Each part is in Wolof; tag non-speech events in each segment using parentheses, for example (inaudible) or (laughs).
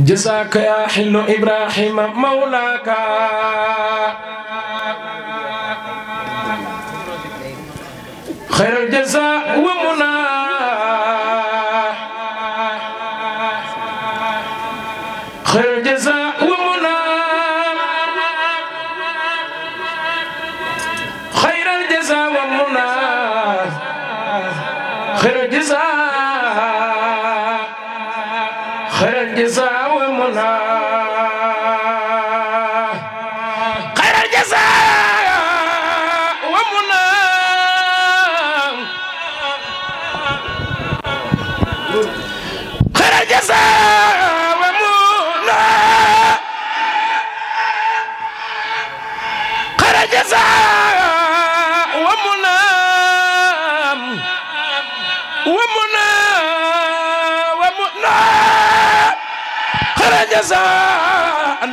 جزاك يا حل إبراهيم مولاك خير الجزاء ومنا خير الجزاء ومنا خير الجزاء ومنا خير الجزاء خير الجزاء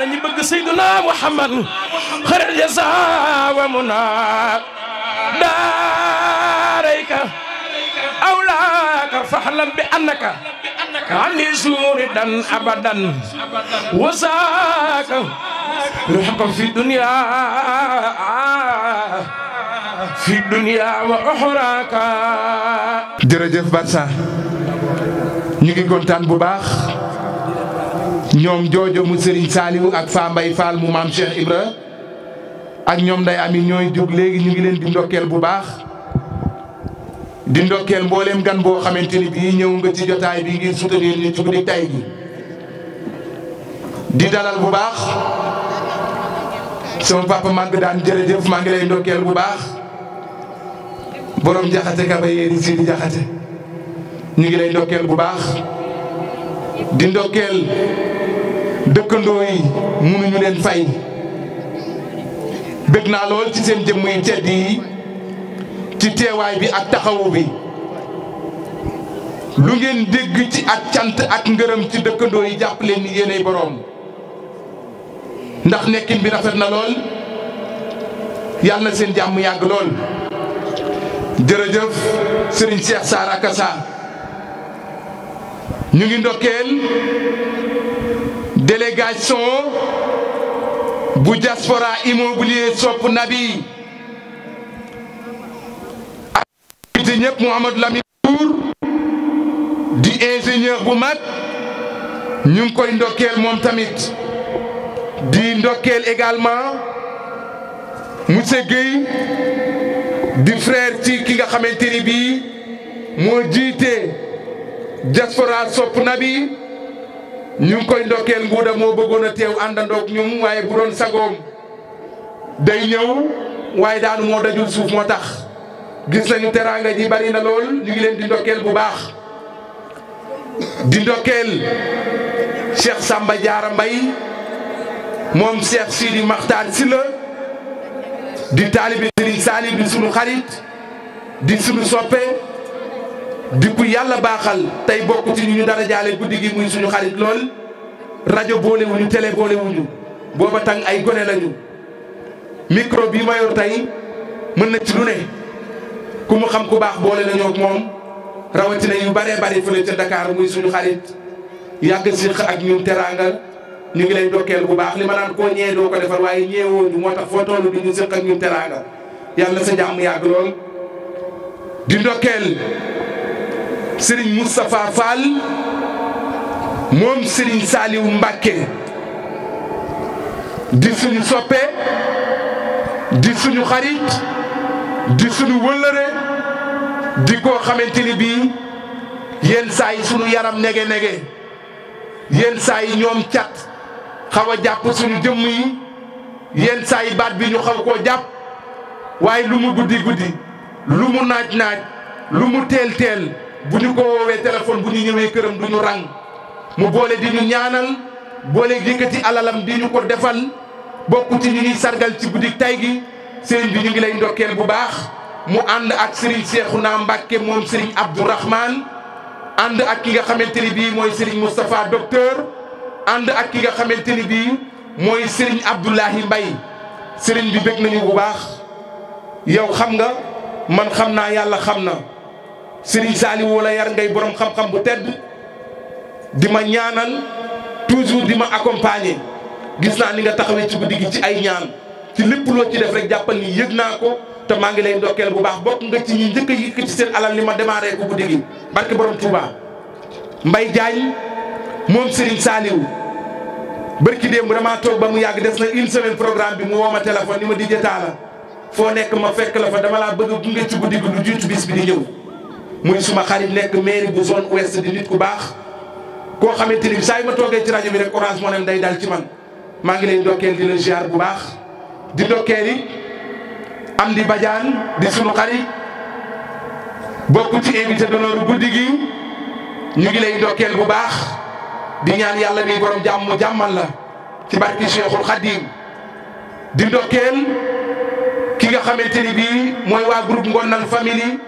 dañu bëgg Seydina Muhammad xaral ya saawa mu naa daarayka awlaaka faxlam bi annaka ani suuri dan abadan wasaaka ruxka fi dunya fi dunya wa uxraaka jërëjëf Barça ñu ngi kontaan bu baax ñoom joojo mu Serigne Saliou ak Fa Mbay Fall mu maam Cheikh Ibra ak ñoom nday ami ñooy jug léegi ñu ngi leen di ndokkeel bu baax di ndokkeel mbooleem gan boo xamante ni bii ñëw nga ci jotaay bi ngir soutenir ñu ci guddi tay gi di bu baax sama papa maa ngi daan maa ngi lay ndokkeel bu baax boroom jaxate kaba si di jaxate ñu ngi lay ndokkeel bu baax di ndokkeel dëkkandoo mënuñu leen fay bëgg naa lool ci seen jëmm yi tedd yi ci teewaay bi ak taxawu bi lu ngeen dégg ci ak cant ak ngërëm ci dëkkandoo yi jàpp leen ni yéenay boroom ndax nekkin bi rafet na lool yàlla na seen jàmm yàgg lool jërëjëf Serigne Cheikh Sara Kassa ñu ngi ndokkeel délégation bu diaspora immobilier sopp nabi activité ñëpp Mouhamadou Lamine Tour di ingénieur bu mag ñu ngi koy ndokkeel moom tamit di ndokkeel également monsieur Guèye di frère ci ki nga xamante ni bii moo jiite diaspora sopp na bi ñu ngi koy ndokkeel nguuda moo bëggoon a teew àndandoog ñum waaye bu doon sagoom day ñëw waaye daanu moo dajul suuf moo tax gis nañu teraanga ji bari na lool ñu ngi leen di ndokkeel bu baax di ndokkeel Cheikh sàmba Diarra Mbaye moom Cheikh Sidi Makhtar sila di taalibi Serigne Saliou di sunu xarit di sunu soppe di ku yàlla baaxal tey bokk ci ñu ñu dara jaale guddi gi muy suñu xarit lool rajo boolewuñu télé boolewuñu booba tàng ay gone lañu micro bi ma yor tey mën na ci lu ne ku mu xam ku baax boole nañoo ak moom rawatina yu baree bari fële ca Dakar muy suñu xarit yàgg séq ak ñun teraanga ñu ngi lay dokkeel bu baax li ma naan koo ñee doo ko defar waaye ñeewoo ñu moo tax foo toll di ñu séq ak ñun teraanga yàlla sa jàmm yàgg lool di ndokkeel sëriñ Moustapha Fall moom sëriñ Saliou Mbacké di suñu soppe di suñu xarit di suñu wëllëre di koo xamante ni bii yenn saa yi suñu yaram nege-nege yenn saa yi ñoom cat xaw a jàpp suñu jëmm yi yenn saa baat bi ñu xaw koo jàpp waaye lu mu guddi guddi lu mu naaj naaj lu mu teel teel bu ñu ko woowee téléphone bu ñu ñëwee këram du ñu ràng mu boole di ñu ñaanal boole yëkkati alalam di ñu ko defal bokk ci ñu ñuy sargal ci guddi tay gi sëriñ bi ñu ngi lay ndokkeel bu baax mu ànd ak sëriñ naa Mbàkke moom sëriñ Abdourahman ànd ak ki nga xamante ni bii mooy sëriñ Moustapha docteur ànd ak ki nga xamante ni bii mooy sëriñ Abdoulahi mbay sëriñ bi bëgg nañu bu baax yow xam nga man xam naa yàlla xam na Serigne Saliou la yar ngay borom xam-xam bu tedd di ma ñaanal toujours di ma accompagner gis naa ni nga taxawee ci guddi gi ci ay ñaan ci lépp loo ci def rek jàppal ni yëg naa ko te maa ngi lay ndokkeel bu baax bokk nga ci ñi njëkk a ci seen alal ni ma démarré ko guddi gi barke borom Touba Mbaye Diagne moom Serigne Saliou barki démb damaa toog ba mu yàgg def na une semaine programme bi mu woo ma téléphone ni ma di jotaa la foo nekk ma fekk la fa dama laa bëgg a ci guddi gi lu bi di ñëw. muy suma xarit nekk mairie bu zone ouest di nit ku baax koo xamante ni saa yu ma toogee ci rajo bi rek orange moo nem day dal ci man maa ngi lay ndokkeel di leen bu baax di ndokkeel yi am di bajaan di sunu xarit bokk ci invité d'honneur guddi gi ñu ngi lay ndokkeel bu baax di ñaan yàlla mi borom jàmm jàmmal la ci barki Cheikhul Khadim di ndokkeel ki nga xamante ni bii mooy waa groupe Ngonal famille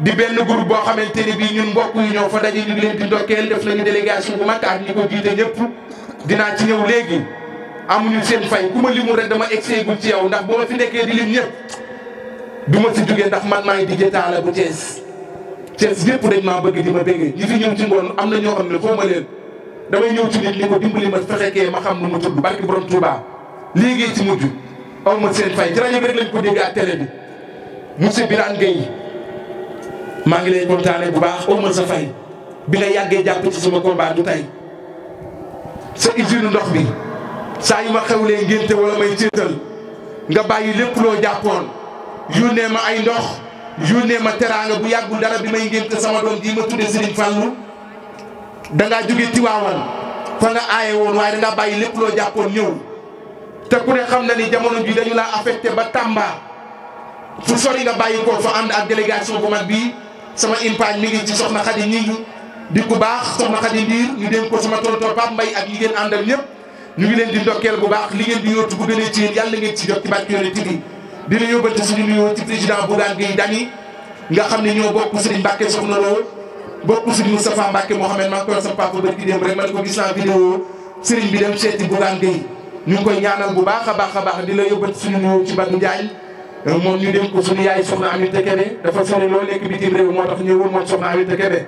di benn groupe boo xamante ni bii ñun mbokk yu ñoo fa daje ñu leen di ndokkeel def nañu délégation bu mag ak ñi ko jiite ñëpp dinaa ci ñëw léegi amuñu seen fay ku ma limul rek dama egseegul ci yow ndax boo ma fi nekkee di lim ñëpp du ma si jógee ndax man maa ngi di taala bu Thiès Thiès ñëpp dañ maa bëgg di ma bëggee ñi fi ñëw ci ngoon am na ñoo xam ne foo ma leen damay ñëw ci nit ñi ko dimbali ma fexekee ma xam nu mu tudd barki borom Touba léegi ci mujj aw ma seen fay ci rajo bi rek lañ ko dégg ak télé bi monsieur Birane Gueye maa ngi lay kontaane bu baax omal sa fay bi nga yàggee jàpp ci sama combat du tey sa usine ndox bi saa yu ma xewlee ngénte wala may céetal nga bàyyi lépp loo jàppoon yónnee ma ay ndox yónnee ma teraanga bu yàggul dara bi may sama doom ji ma tudde Serigne Fallou dangaa jóge Tiwaawan fa nga aaye woon waaye dangaa bàyyi lépp loo jàppoon ñëw te ku ne xam na ni jamono ji dañu laa affecté ba Tamba fu sori nga bàyyi ko fa ànd ak délégation bu mag bii sama impaañ mi ngi ci soxna Xadi ñi ngi di ku baax soxna Xadi Ndiir ñu dénk ko sama tonton Pape Mbaye ak ñi ngeen àndal ñëpp ñu ngi leen di ndokkeel bu baax li ngeen di yóotu bu gënee ci yéen yàlla ngeen ci jot ci barke yonent bi di la yóbbal ci suñu nuyoo ci président Bougane Gueye nga xam ne ñoo bokk Serigne Mbacke Soxna Lo bokk Serigne Moustapha Mbacke Mohamed maa ngi koy wax sama papa bët ki rek ma ne ko gis naa vidéo Serigne bi dem seeti Bougane Gueye ñu ngi koy ñaanal bu baax a baax a baax di la yóbbal ci suñu nuyoo ci Badou Euh, moom ñu dem ko suñu yaay na soxna Aminata Kébé dafa sori loo nekk bitim réew moo tax ñëwul moom soxna Aminata Kébé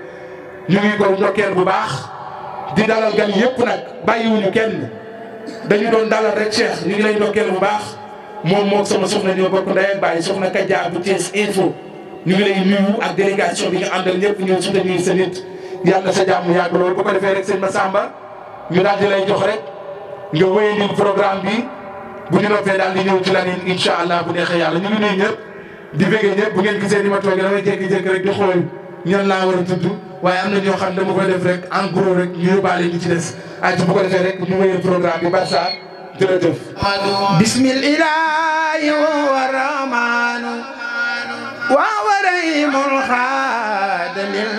ñu ngi ko ndokkeel bu baax di dalal gan yëpp nag bàyyiwuñu kenn dañu doon dalal rek Cheikh ñu ngi lay ndokkeel bu baax moom moom sama soxna ñoo bokk ndey ak baay soxna Kaja bu Thiès Info ñu ngi lay nuyu ak délégation bi nga àndal ñëpp ñëw soutenir sa nit yàlla sa jàmm yàgg loolu bu defee rek sëñ Massamba ñu daal di lay jox rek nga wéyandil programme bi. bu ñu noppee daal di ñëw ci leneen incha allah bu neexee yàlla ñu ngi nuyu ñëpp di bëggee ñëpp bu ngeen gisee ma toogee damay jékki-jékki rek di xool ñan laa war a waaye am na ñoo xam dama koy def rek en gros rek ñu yóbbaale ñu ci des ay bu ko defee rek ñu wéyee programme bi Barça jërëjëf. bismillahi wa rahmaanu wa rahimul xaadimil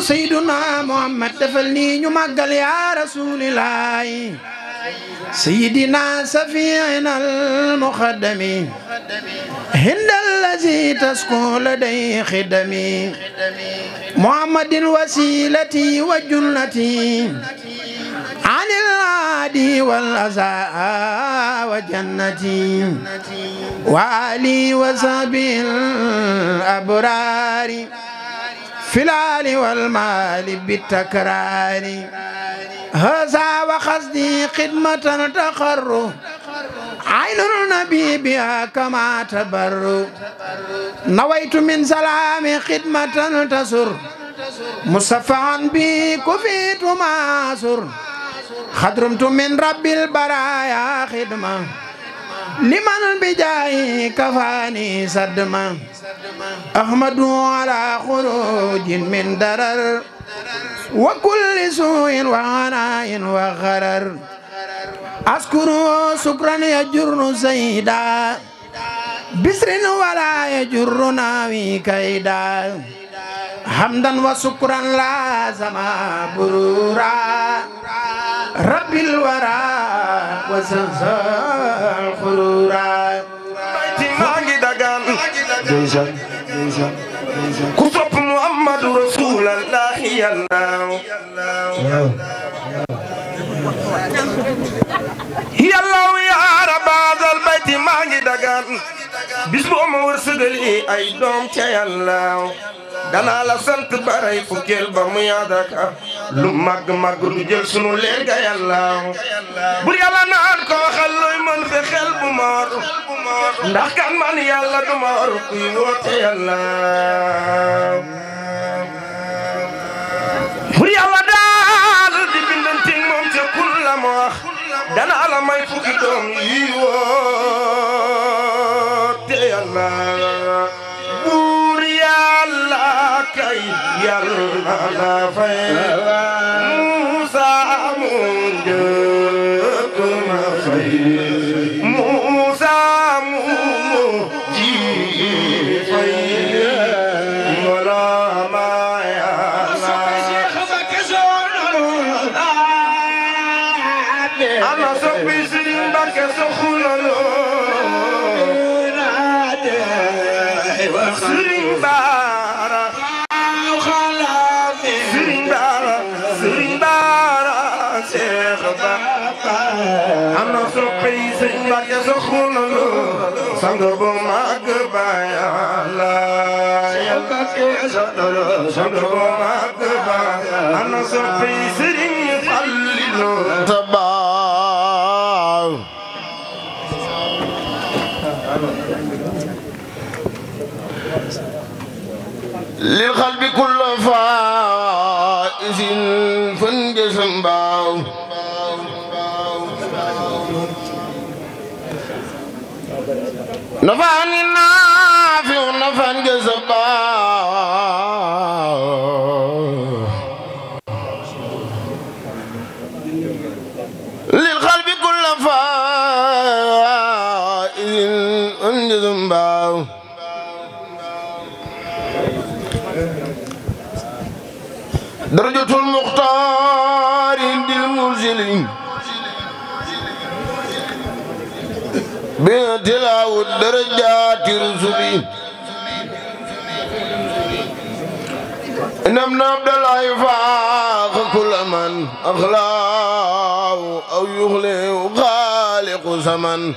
yow sayyiduna muhammad defal nii ñu màggal ya rasulillahi sayyidina safiina almuxaddami hinda allazi tasku laday xidami muhammadin wasilati wa junnati ani laadi wal azaa wa jannati wa ali wa sahbil abrari في العال والمال بالتكرار هذا وخصدي خدمة تقر عين النبي بها كما تبر نويت من سلام خدمة تسر مصفعا بي كفيت ماسر خدرمت من رب البرايا خدمة liman bijaayi kafaani sadma ahmadu ala xurujin min darar wa kulli suuin wa anaayin wa xarar askuru sukran yajurnu sayda bisrin wala yajurnu naawi kayda حمدا وشكرا لازم برورا رب الورى وزنزا الخرورا ماجي دغان ديجان ديجان كتب محمد رسول الله يلا يلا يا رب هذا البيت ماجي دغان bis bu ma ay doom ca yàlla danaa la sant baray fukkeel ba mu yaadaka lu màgg màgg du jël sunu leer bur yàlla naan ko waxal mën fi xel bu moor ndax kan man yàlla du moor kuy woote yàlla bur yàlla daal di bindanting moom ca kun la wax danaa may fukki doom yi buur yàlla kay yàlla la fay bunt bu mag ba yàlla yàlla kee sodolo bunt bu mag ba ana soppi sëriñ Fallilu tabaaw lil xalbi kulla faisin dafa بين تلاوة درجات رسلي إن ابن عبد الله يفاق كل من أخلاه أو يخليه خالق زمن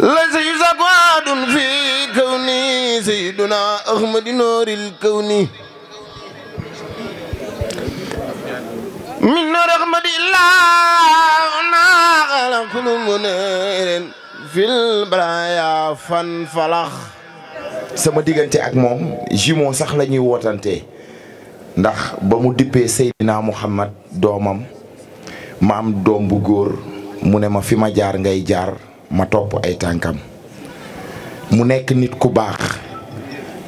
ليس يزقاد في كوني سيدنا أحمد نور الكوني من رحمة الله كل منير في البرايا sama diggante ak moom jumon sax la ñuy wootante ndax ba mu dippee mu xamat doomam ma am doom bu góor mu ne ma fi ma jaar ngay jaar ma topp ay tànkam mu nekk nit ku baax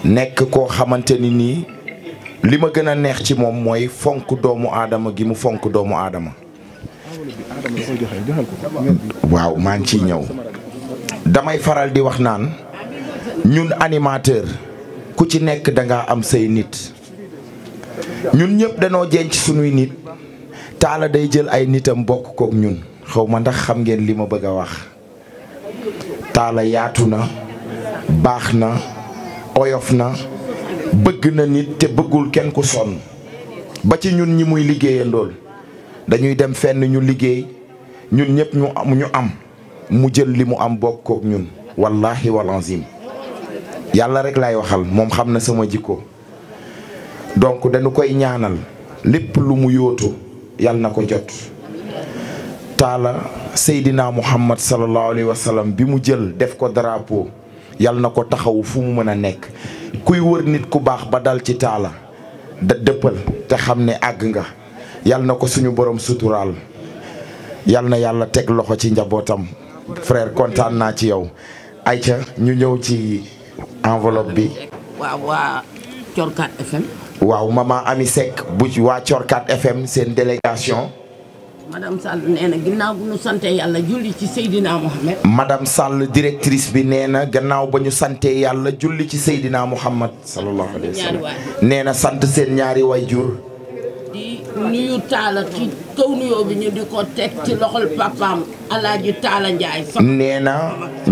nekk koo xamante ni nii li ma gën a neex ci moom mooy fonk doomu aadama gi mu fonk doomu aadama waaw maa ngi ciy ñëw. damay faral di wax naan ñun animateur ku ci nekk danga am say nit ñun ñëpp danoo jenc suñuy nit taala day jël ay nitam bokk kook ñun xaw ma ndax xam ngeen li ma bëgg a wax. taala yaatu na baax na oyof na bëgg na nit te bëggul kenn ku sonn ba ci ñun ñi muy liggéeyandool dañuy dem fenn ñu liggéey ñun ñëpp ñu am am mu jël li mu am bokk kook ñun wallahi wal azim yàlla rek lay waxal moom xam na sama jikko donc dañu koy ñaanal lépp lu mu yóotu yàlla na ko jot taala seydina muhammad sallallahu alayhi wa sallam bi mu jël def ko drapeau yàlla na ko taxawu fu mu mën a nekk kuy wër nit ku baax ba dal ci taala da dëppal te xam ne àgg nga yàlla na ko suñu borom suturaal yal na yàlla teg loxo ci njabootam frère kontaan naa ci yow ayca ñu ñëw ci enveloppe bi. waaw waa Corkat FM. Ami Seck bu waa Corkat FM seen délégation. madame sàll directrice bi nee na gannaaw ba ñu sante yàlla julli ci Seydina Mohamed. sallallahu alayhi wa sallam nee seen ñaari waajur nuyu taala ci kaw nuyoo bi ñu di ko teg ci loxol papaam alaaji taala Ndiaye. nee na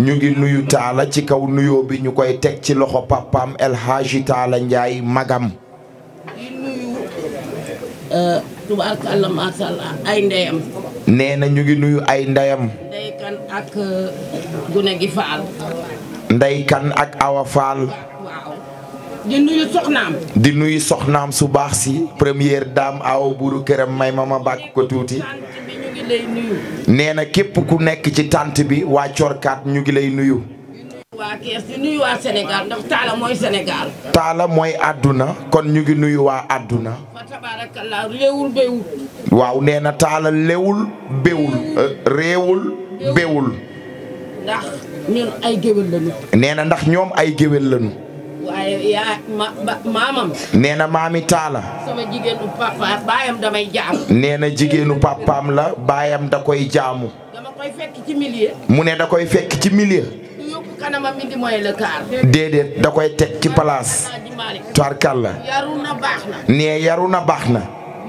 ñu ngi nuyu taala ci kaw nuyoo bi ñu koy teg ci loxo papaam El Taala Ndiaye magam. di nuyu euh, tubaarkàlla macha allah ay ndeyam. nee ñu ngi nuyu ay ndeyam. ndeykan ak euh, gune gi faal. ndeykan ak awa faal. di nuyu soxnaam. su baax si première daam aw buuru këram may ma ma bàkk ko tuuti. nee na képp ku nekk ci tànt bi waa corkaat ñu ngi lay nuyu. taala mooy àdduna kon ñu ngi nuyu waa àdduna. waaw nee na Talla léwul euh, béwul ndax ndax ñoom ay géwél lañu. waaye yaa ma maamam. maami taala. sama jigéenu papa la baayam da koy jaamu. mu ne da koy fekk ci milieu. du yóbbu kanamam indi mooy le car. déedéet da koy teg ci place. tubarkalla. yaru nee yaru na baax na.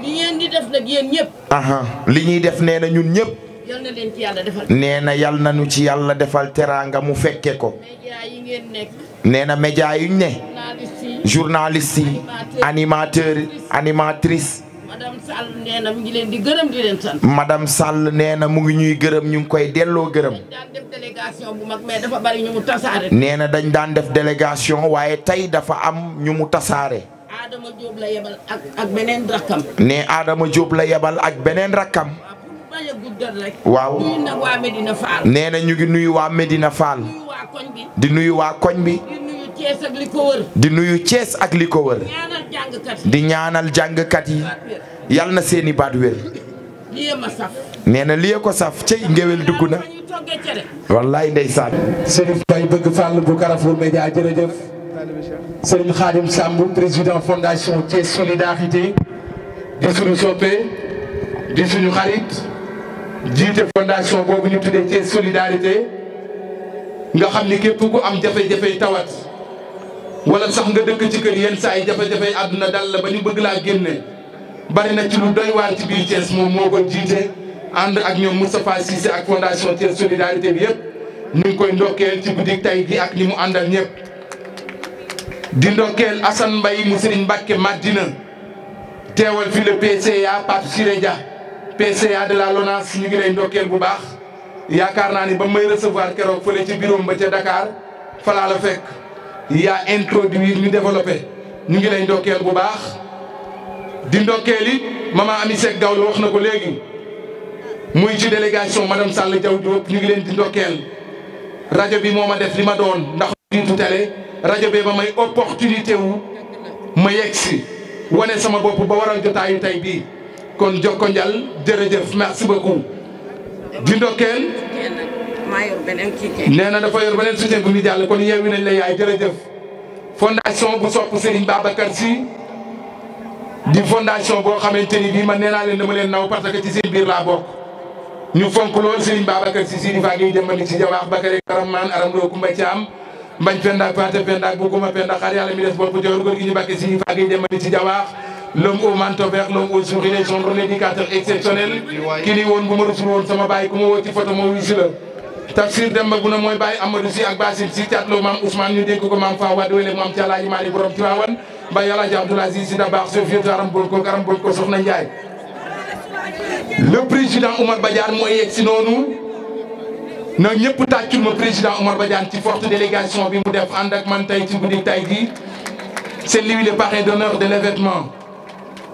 li ngeen di def nag yéen ñëpp. aha li ñuy def nee ñun ñëpp. yal nee na yal na nu ci yàlla defal teraanga mu fekke ko. nee na média yi ne. journaliste yi animateur animatrice. madame Sall nee na mu ngi ñuy gërëm ñu ngi koy delloo gërëm. daan nee na dañ daan def délégation waaye tey dafa am ñu mu tasaare. Adama Diop la yebal nee Adama Diop la yebal ak beneen rakkam. waaw nee na ñu ngi nuyu waa Medina Fall. di nuyu waa koñ bi. di nuyu Cees ak li ko di ñaanal jàngkat yi. yal na seeni baat wér. nee na ko saf cey ngéwél dugg na. wallaay ndeysaan. Serigne Faye bëgg Fall bu Carrefour Média jërëjëf. Serigne Khadim Samb président fondation Thiès solidarité. di suñu soppe di suñu xarit. jiite fondation boobu ñu tuddee Thiès solidarité nga xam ni képp ku am jafe-jafe tawat wala sax nga dëkk ci kër yenn saa ay jafe-jafe àdduna dal la ba ñu bëgg laa génne bari na ci lu doy waar ci moom moo ko jiite ànd ak ñoom Moustapha Cissé ak fondation Thiès solidarité bi yëpp ñu koy ndokkeel ci guddi tay gi ak ñi mu àndal ñëpp di ndokkeel Assane Mbaye mu Serigne Mbacke Madina teewal fi le PCA Pape Siré Dia PCA de la LONASE ñu ngi lay ndokkeel bu baax yaakaar naa ni ba may recevoir keroog fële ci bureau ba ca Dakar falaa la fekk yaa introduire ñu développé ñu ngi lay ndokkeel bu baax di ndokkeel it maman Amy Seck Gawlo wax na ko léegi muy ci délégation madame Sall Diaw Diop ñu ngi leen di ndokkeel rajo bi moo ma def li ma doon ndax jiitu télé rajo bee ba may opportunité wu ma yegg si wane sama bopp ba waral jotaayu tey bii kon jox ko njal jërëjëf merci beaucoup. di ndokkeel. na dafa yor beneen soutien bu ñu jàll kon yeewi nañ la yaay jërëjëf. fondation bu sopp Serigne baa Sy di fondation boo xamante ni bii ma nee naa leen dama leen naw parce que ci seen biir laa bokk. ñu fonk lool Serigne Babacar Sy si di faa ngi jëmbali ci jawaax Bakary Karaman Aram Lo Kumba Thiam. mbañ pendaak fante pendaak bu guma pendaak xaar yàlla mi des bopp joor góor gi ñu bàkke si faa ngi jëmbali ci l'homme au manteau vert l'homme au sourire et son rôle exceptionnel ki ni woon bu ma rusul woon sama baay ku ma woo ci photo ma wuyu si la Tafsir Demba Guna mooy bàyyi Amadou si ak Basile si càtloo maam Ousmane ñu dégg ko maam fa wade wele maam Thiala Imali borom Tiwaawan ba yàlla ja Abdoul Aziz si da baax so aram bol ko aram bol ko soxna président Oumar Badiane mooy yegg noonu na ñëpp tàccul ma président Oumar Badiane ci forte délégation bi mu def ànd man tey ci guddi tey gi c'est lui le parrain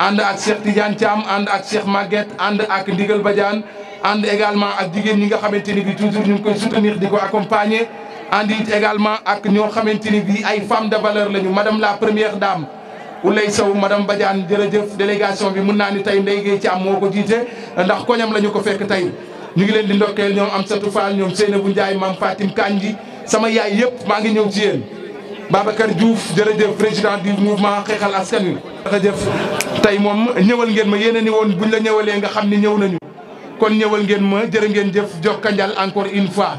ànd ak Cheikh Tidiane Thiam ànd ak Cheikh Maguette ànd ak Ndigal Badiane ànd également ak jigéen ñi nga xamante ni bi toujours ñu ngi koy soutenir di ko accompagner. ànd it également ak ñoo xamante ni bi ay femmes de valeur lañu madame la première dame Oulay Sow madame Badiane jërëjëf délégation bi mun naa ni tey Ndeye Gueye Thiam moo ko jiite ndax koñam la ñu ko fekk tey ñu ngi leen di ndokkeel ñoom Amsatou Fall ñoom Seynabou Ndiaye maam Fatim Kandji sama yaay yëpp maa ngi ñëw ci Babacar Diouf jërëjëf président du mouvement xeexal askan wi. jërëjëf tey moom ñëwal ngeen ma yéen ni woon buñ la ñëwalee nga xam ni ñëw nañu. kon ñëwal ngeen ma jërë ngeen jëf jox kanjal encore une fois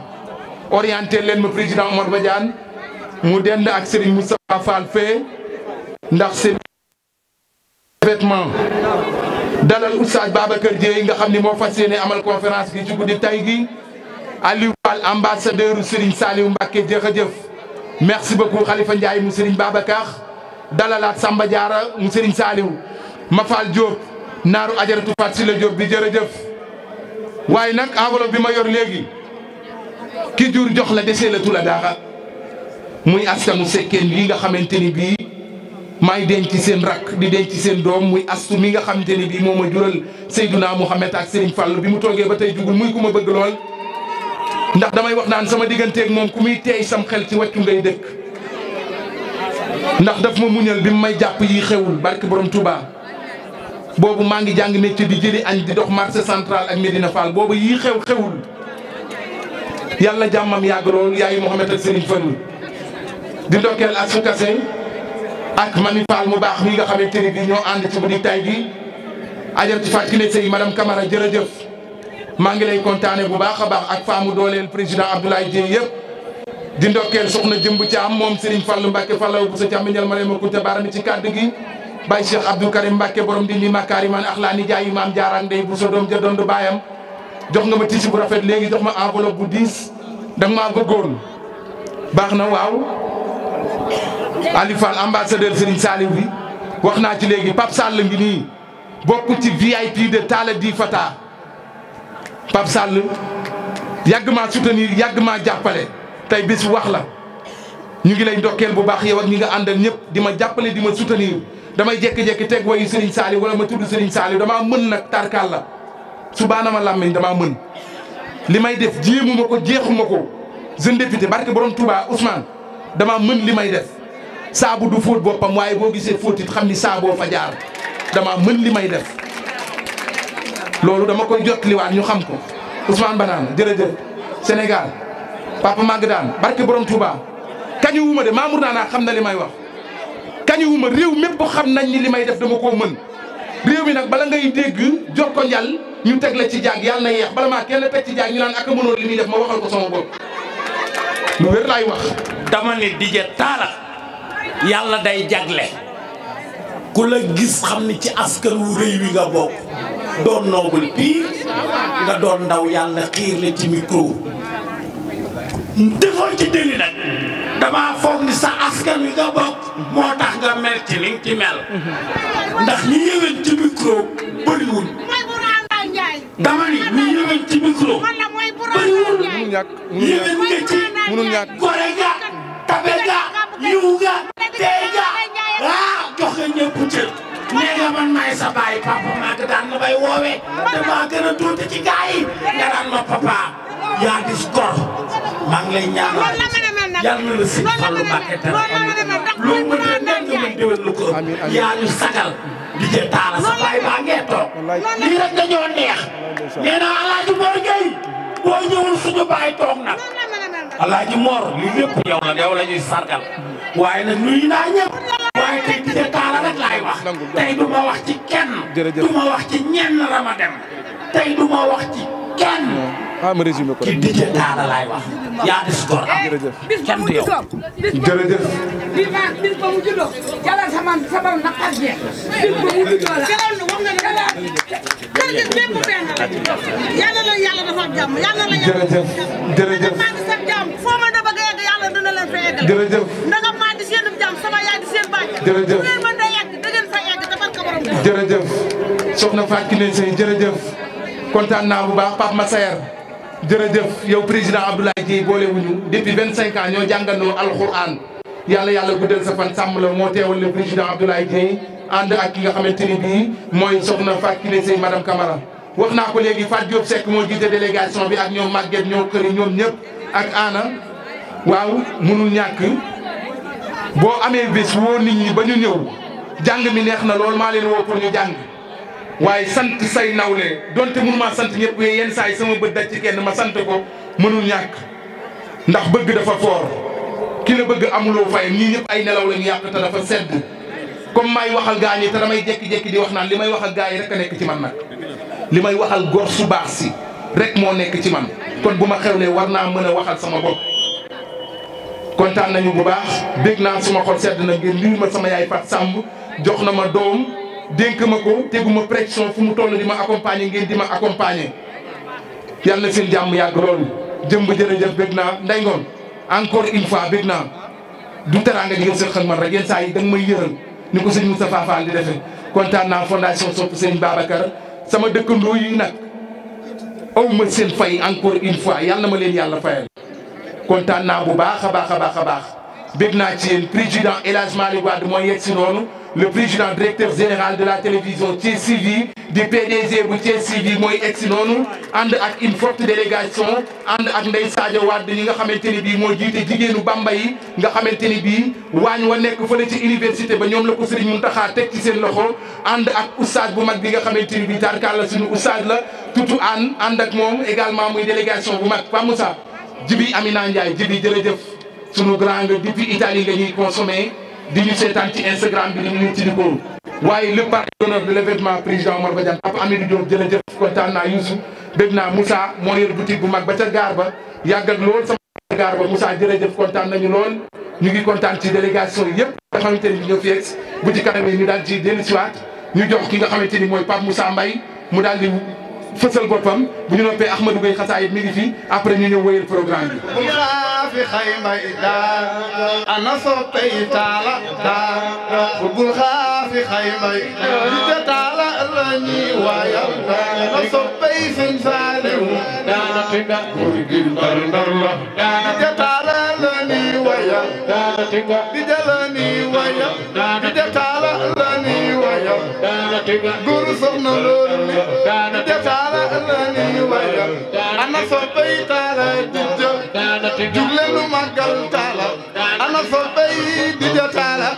orienté leen ma président Omar Badiane mu dend ak Serigne Moustapha Fall fee ndax seen vêtement dalal oustaz Babacar Dieye nga xam ni moo fas yéene amal conférence gi ci guddi tay gi Aliou Fall ambassadeur Serigne Saliou Mbacké jërëjëf merci beaucoup Khalifa Ndiaye mu Serigne Babacar dalalaat sàmba Diarra mu Serigne Saliou Mafal jóob naaru ajaratu Fat Sila Diop di jëf waaye nag enveloppe bi ma yor léegi ki jur jox la desee la tula daaxa muy askanu sekkeen lii nga xamante ni bii maay denc seen rakk di denc seen doom muy astu mi nga xamante ni bii moo ma jural Seydouna Mouhamed ak Serigne Fall bi mu toogee ba tey jugul muy ku ma bëgg lool ndax damay wax naan sama digganteeg moom ku muy teey sam xel ci wàccu ngay dëkk ndax daf ma muñal bi mu may jàpp yii xewul barke borom Touba boobu maa ngi jàng métier di jëli añ di dox marché central ak Medina Fall boobu yii xew xewul yàlla jàmmam yàgg lool yaayu Mouhamed ak Serigne Fallou di ndokkeel ak su kase ak Mami Fall mu baax mi nga xamante ni bi ñoo ànd ci bu di tay gi ajal ci fàcc ne sëy madame Camara jërëjëf maa ngi lay kontaane bu baax a baax ak faamu dooleel président Abdoulaye Dieye yëpp di ndokkeel soxna jëmb Thiam moom Serigne Fall Mbacke Fallaw bu sa càmmiñal ma lay ma kunta baarami ci kàddu gi Baye Cheikh Abdou Karim Mbacke borom di ni makaariman ax laa ni jaayi maam jaaraan ndey bu sa doom ja doon baayam jox nga ma tiisi bu rafet léegi jox ma enveloppe bu diis danga maa bëggoon baax na waaw Ali Fall ambassadeur Serigne Saliou bi wax naa ci léegi Pape Sall ngi nii bokk ci VIP de Talla Fata Pape Sall yàgg maa soutenir yàgg maa jàppale tey bis wax la ñu ngi lay ndokkeel bu baax yow ak ñi nga àndal ñëpp di ma jàppale di ma soutenir damay jékki-jékki teg wayu Serigne Saliou wala ma tudd Serigne Saliou damaa mën nag tarkaal la su baana ma làmmiñ damaa mën li may def jéemu ma ko jeexuma ko jeune député barke borom Touba Ousmane damaa mën li may def saabu du fóot boppam waaye boo gisee fóotit xam ni saaboo fa jaar damaa mën li may def loolu dama koy jottaliwaat ñu xam ko Ousmane Banane jërëjëf Sénégal Papa Magdane barke Borom Touba kañu wuma de Mamour naa xam na li may wax kañu wuma réew mépp xam nañ ni li may def dama koo mën réew mi nag bala ngay dégg jox ko njal ñu teg la ci jaag yàlla na yeex bala maa kenn teg ci jaag ñu naan ak a mënoon li muy def ma waxal ko sama bopp lu wér laay wax dama di Dj Talla yàlla day jagle ku la gis xam ni ci askan wu rëy wi nga bokk doon noble pire nga doon ndaw yàlla xiir la ci micro defoo ci dëli nag damaa foog ni sa askan wi nga bokk moo tax nga mel ci li ci mel ndax ñi yëwen ci micro bëriwul dama ni ñu yëwen ci micro bëriwul yëwen nga ci gore nga tabe nga yiw nga tey nga ah jox nga ñëpp cër nee nga man maay sa baay maa nga daan na bay woowee damaa gën a tuuti ci gaa nga daan ma papa yaa ngi lay ñaanal yàlla na la si xalu Mbàkke dara lu lu ko yaa ñu sagal di jël taala sa baay ngee toog lii rek dañoo neex nee naa Alaaji Mor Gueye boo ñëwul suñu toog nag alaaji Mor lii lépp yow la yow la sargal waaye na nuyu naa ñëpp waaye tey Dj Talla rek laay wax tey du wax ci kenn du wax ci ñenn rama dem tey du wax ci kenn. ah ma résumé ko rek ki DJ Talla laay wax yaa des góor am. jërëjëf kenn du yow. jërëjëf. bis ba mu juddoo yàlla sama sama naqar jeex. bis ba mu juddoo la. jërëjëf yàlla la yàlla dafa am jàmm yàlla la yàlla. jërëjëf jërëjëf maa ngi seen jàmm foo mën a bëgg a yegg yàlla dina leen fa yeggal. jërëjëf ndax maa ngi seen jàmm sama yaay di seen baay. jërëjëf bu ngeen mën da yegg da ngeen fa yegg dafa ko borom. jërëjëf soxna Fatou Kiné Seye jërëjëf kontaan naa bu baax Pape Massaer jërëjëf yow président Abdoulaye Dieye boolewuñu depuis vingt cinq ans ñoo jàngandoo alxuraan yàlla yàlla guddal sa fan sàmm la moo teewal le président Abdoulaye Dieye ànd ak ki nga xamante ni bii mooy soxna Fatou Kiné Seye madame Camara wax naa ko léegi Fatou Diop Seck moo jiite délégation bi ak ñoom Maguette ñoo këri ñoom ñëpp ak aana waaw mënul ñàkk boo amee bés woo nit ñi ba ñu ñëw jàng mi neex na loolu maa leen woo pour ñu jàng waaye sant say nawle donte mënumaa sant ñëpp waaye yenn saa yi sama bët daj ci kenn ma sant ko mënul ñàkk ndax bëgg dafa foor ki la bëgg amuloo fayam nii ñëpp ay nelaw lañu yàq te dafa sedd comme may waxal gaa ñi te damay jékki-jékki di wax naan li may waxal gaa yi rek a nekk ci man nag li may waxal gor su baax si rek moo nekk ci man kon bu ma xewlee war naa mën a waxal sama bopp kontaan nañu bu baax dégg naa suma xol sedd na ngir lii ma sama yaay Fat Samb jox na ma doom dénk ma ko teguma pression fu mu toll di ma accompagner ngeen di ma accompagner yàlla na seen jàmm yàgg lool jëmb jërëjëf bëgg naa nday ngoon encore une fois bëgg naa du teraanga di ngeen seen xel man rek yenn saa yi danga may yëral ni ko sëñ Moustapha Fall di defee kontaan naa fondation Sopp seen Babacar sama dëkkandoo yi nag aw ma seen fay encore une fois yàlla na ma leen yàlla fayal. kontaan naa bu baax a baax a baax a naa ci yéen président El Hadj si noonu. le président directeur général de la télévision Thiès TV di PDG bu Thiès TV mooy egsi noonu ànd ak une forte délégation ànd ak Ndeye Sadio Wade ñi nga xamante ni bii moo jiite jigéenu Bamba yi nga xamante ni bii waañ wa nekk fële ci université ba ñoom la ko Serigne Mountakha teg ci seen loxo ànd ak oustaz bu mag bi nga xamante ni bii tarkaal la suñu oustaz la tutu ànd ànd ak moom également muy délégation bu mag Pa Moussa Jibi Amina Ndiaye Jibi jërëjëf sunu grand nga depuis Italie nga ñuy consommé di ñu seetaan ci Instagram bi di ñu ci di ko waaye le parrain d'honneur de l'événement président Omar Badiane Papa Amidou Diop jërëjëf kontaan naa Youssou dégg naa Moussa moo yor bu mag ba ca gaar ba yàgg ak lool sama gaar ba Moussa jërëjëf na ñu lool ñu ngi kontaan ci délégation yëpp nga xamante ni ñoo bu ci kanamee ñu daal ci dellusiwaat ñu jox ki nga xamante ni mooy Pape Moussa Mbaye mu daal di fësal boppam bu ñu noppee Ahmadou Gueye xasaayit mi ngi fi après ñu ñëw wéyal programme bi. fi xayma idaal ana soppay taala daal bëggul xaa fi xayma taala la ñuy waayal ana soppay sëñ Saaliw daanaka nga góor gi ndar ndar la li ca taala la ñuy waayal daanaka nga li ca la ñuy guru soxna loolu mi te taala ëllëg nii waaye ana soppay taala di jë jugle nu màggal taala ana soppay di jë taala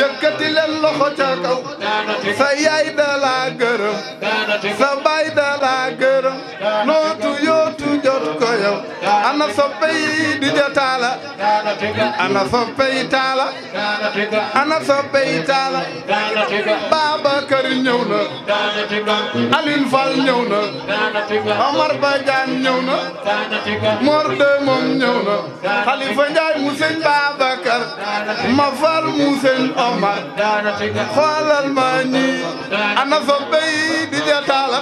yëkkati leen loxo ca sa yaay da la gërëm ana soppey taala ana soppey taala Babacar ñëw na Alioune Fall ñëw na Omar Ba Diagne ñëw na Mor de moom ñëw na Khalifa Ndiaye mu sëñ Babacar ma far mu sëñ Omar xoolal ma ñii ana soppey di ja taala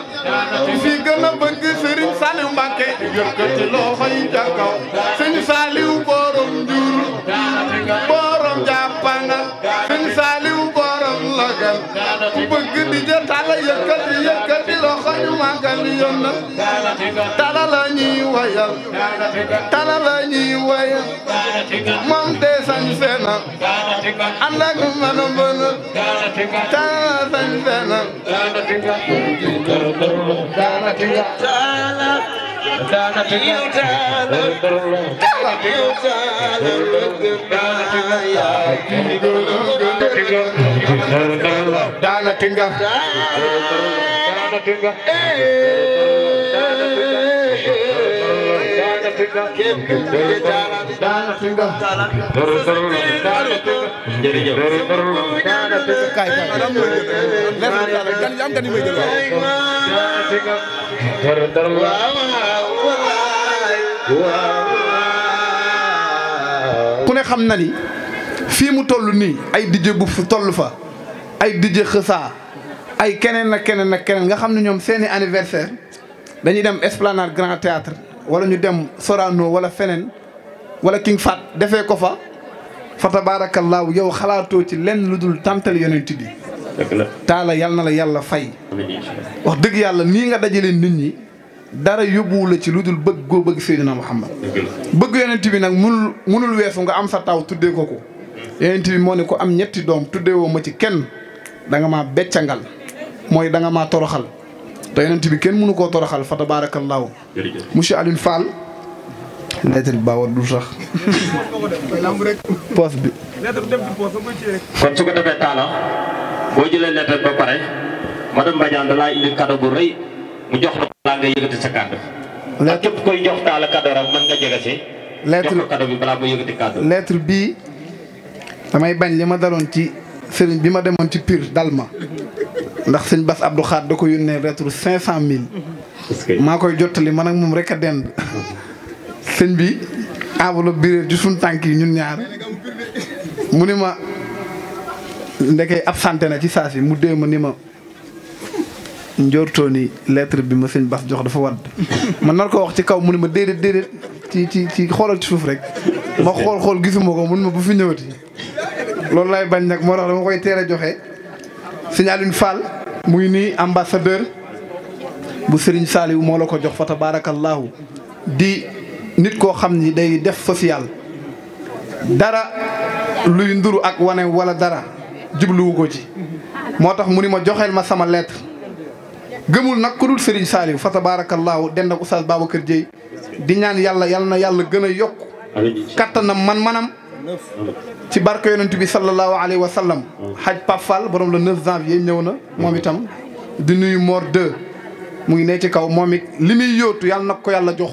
fi gën a bëgg Serigne Saliou Mbacké yëkkati loxoy ca kaw Serigne Saliou borom njur borom jàppana sëñ Saaliw borom lagal ku bëgg di jël tala yëkkati yëkkati loxo ñu màggal yoon tala la ñuy wayal tala la ñuy wayal moom de sañ seenal ànd ak mën a mën a tala sañ seenal دانا بيوتا دانا بيوتا دانا تينغا دانا تينغا jërëjëf ku ne xam na ni fii mu toll nii ay dijje bu fu toll fa ay dijje xësaa ay keneen ak keneen ak keneen nga xam ne ñoom seeni anniversaire dañuy dem Esplanade Grand Théâtre wala ñu dem Sorano wala feneen walla King Fat defee ko fa fa tabaarakallaahu yow xalaatoo ci lenn lu dul tàntal yonent bi taala yal na la yàlla fay wax dëgg yàlla nii nga dajale nit ñi dara yóbbuwu la ci lu dul bëgg goo bëgg Seydina Muhammad bëgg yonent bi nag munul munul weesu nga am sa taw tuddee ko ko yonent bi moo ne ko am ñetti doom tuddee woo ma ci kenn danga ma maa beccangal mooy danga ma toroxal te yonent bi kenn mënu koo toroxal fa tabaarakallaahu monsieur Alioune Fall lettre bi baawoon du sax poos bi kon su ko defee taala boo jëlee lettre ba pare madame Badiane da laa indi cadeau bu rëy mu jox balaa sa kàddu. ndax képp koy jox taala kàddu rek mën nga jege si. lettre bi balaa muy yëkkati bii damay bañ li ma daloon ci sëriñ bi ma demoon ci Pire dal ma ndax sëñ bas Abdou Khadre da ko yónnee lettre cinq cent mille. maa koy jottali man ak moom rekk a dend. sëñ bi enveloppe bi réer ci suñu tànk yi ñun ñaar mu ni ma ndekee absenté na ci saa si mu dee ma ni ma. njortoo ni lettre bi ma sëñ Bass jox dafa wadd man nar ko wax ci kaw mu ne ma déedéet déedéet ci ci ci xoolal ci suuf rek ma xool xool gisuma ko mu ne ma bu fi ñëwati loolu lay bañ nag moo tax dama koy teel a joxe sëñ Alioune Fall muy nii ambassadeur bu Serigne Saliou moo la ko jox fa tabaarakallaahu di nit koo xam ni day def social dara luy nduru ak wane wala dara jubluwu ko ci moo tax mu ni ma joxeel ma sama lettre gëmul nag ku dul Serigne Saliou fa tabaarakallaahu dend ak oustaz kër Dieye di ñaan yàlla yal na yàlla gën a yokk kattanam man-manam ci barke yonent bi sallallahu alayhi wa sallam xaj Pape Fall borom le 9 janvier ñëw na moom itam di nuyu moor 2 mu ngi ne ci kaw moom it li muy yootu yàlla nag ko yàlla jox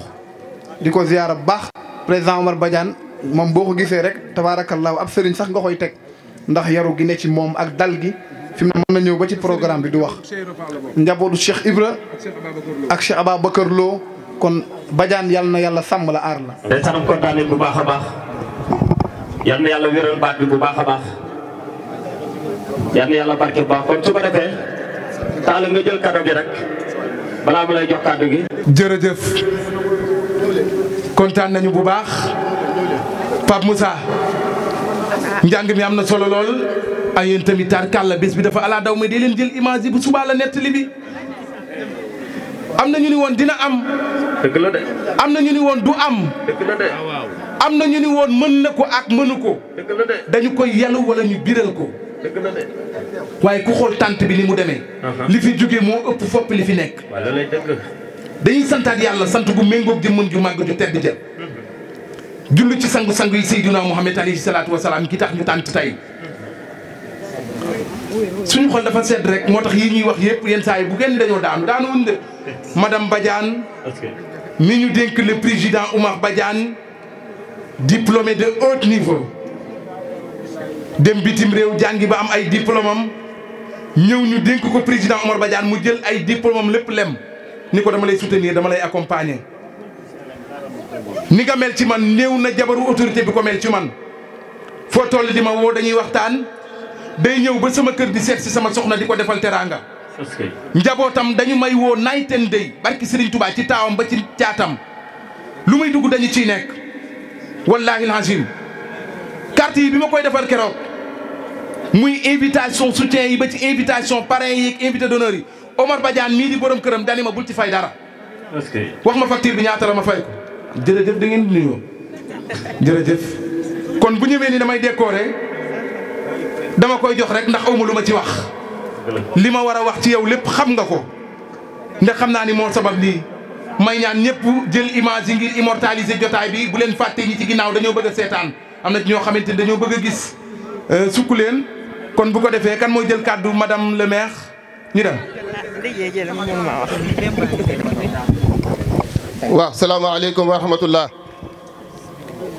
di ko ziyaara bu baax président Omar Badiane moom boo ko gisee rek tabaarakallaahu ab sëriñ sax nga koy teg ndax yaru gi ne ci moom ak dal gi fi na ñëw ba ci programme bi du wax njabootu Cheikh Ibra ak Cheikh Ababacar Lo kon bajaan yàlla na yàlla sàmm la aar la. bu baax a baax yal na yàlla wéral baat bi bu baax a baax yal na yàlla kon su defee taal nga jël kado bi rek balaa ma lay jox gi. jërëjëf kontaan nañu bu baax Pape musa njàng mi am na solo lool. a yéen tamit taar bés bi dafa ala daw ma dee leen jël image yi bu subaa la nettali bi am na ñu ni woon dina am. dëgg la am na ñu ni woon du am. dëgg la ah, am na ñu ni woon mën na ko ak mënu ko. dëgg la dañu koy yalu wala ñu biral ko. dëgg la de. waaye ku xool tànt bi ni mu demee. li fi jóge moo ëpp fopp li fi nekk. dañuy santaat yàlla sant gu méngoog jëmmam ju màgg ju tedd jël. Mhm. jullu ci sangu-sangu yi Seydina Muhammad alayhi salaatu wa salaam ki tax ñu tànt tey. suñu xol dafa sedd rek moo tax yi ñuy wax yëpp yenn saa yi bu ngeen dañoo daanu daanu wun de madame Badiane mi ñu dénk le président Oumar Badiane diplômé de haut niveau dem bitim réew jàngi ba am ay diplôme am ñëw ñu dénk ko président Oumar Badiane mu jël ay diplôme am lépp lem ni ko dama lay soutenir dama lay accompagner ni nga mel ci man néew na jabaru autorité bi ko mel ci man foo toll di ma woo dañuy waxtaan day ñëw ba sama kër di seet si sama soxna di ko defal teraanga njabootam dañu may woo night and day barki Serigne Touba ci taawam ba ci caatam lu muy dugg dañu ciy nekk wallaahi alazim carte yi bi ma koy defal keroog muy invitation soutien yi ba ci invitation parrain yi ak invité d'honneur yi Omar Badiane mii di borom këram dani ma bul ci fay dara wax ma facture bi ñaata la ma fay ko jërëjëf da ngeen di nuyoo jërëjëf kon bu ñëwee ni damay décorer dama koy jox rek ndax awma lu ma ci wax li ma war a wax ci yow lépp xam nga ko ndax xam naa ni moo sabab lii may ñaan ñëpp jël image yi ngir immortaliser jotaay bi bu leen fàtte ñi ci ginnaaw dañoo bëgg seetaan am na ci ñoo xamante ni dañoo bëgg a gis euh, sukk leen kon bu ko defee kan mooy jël kàddu madame le maire ñu dem waaw salaamaaleykum wa rahmatullah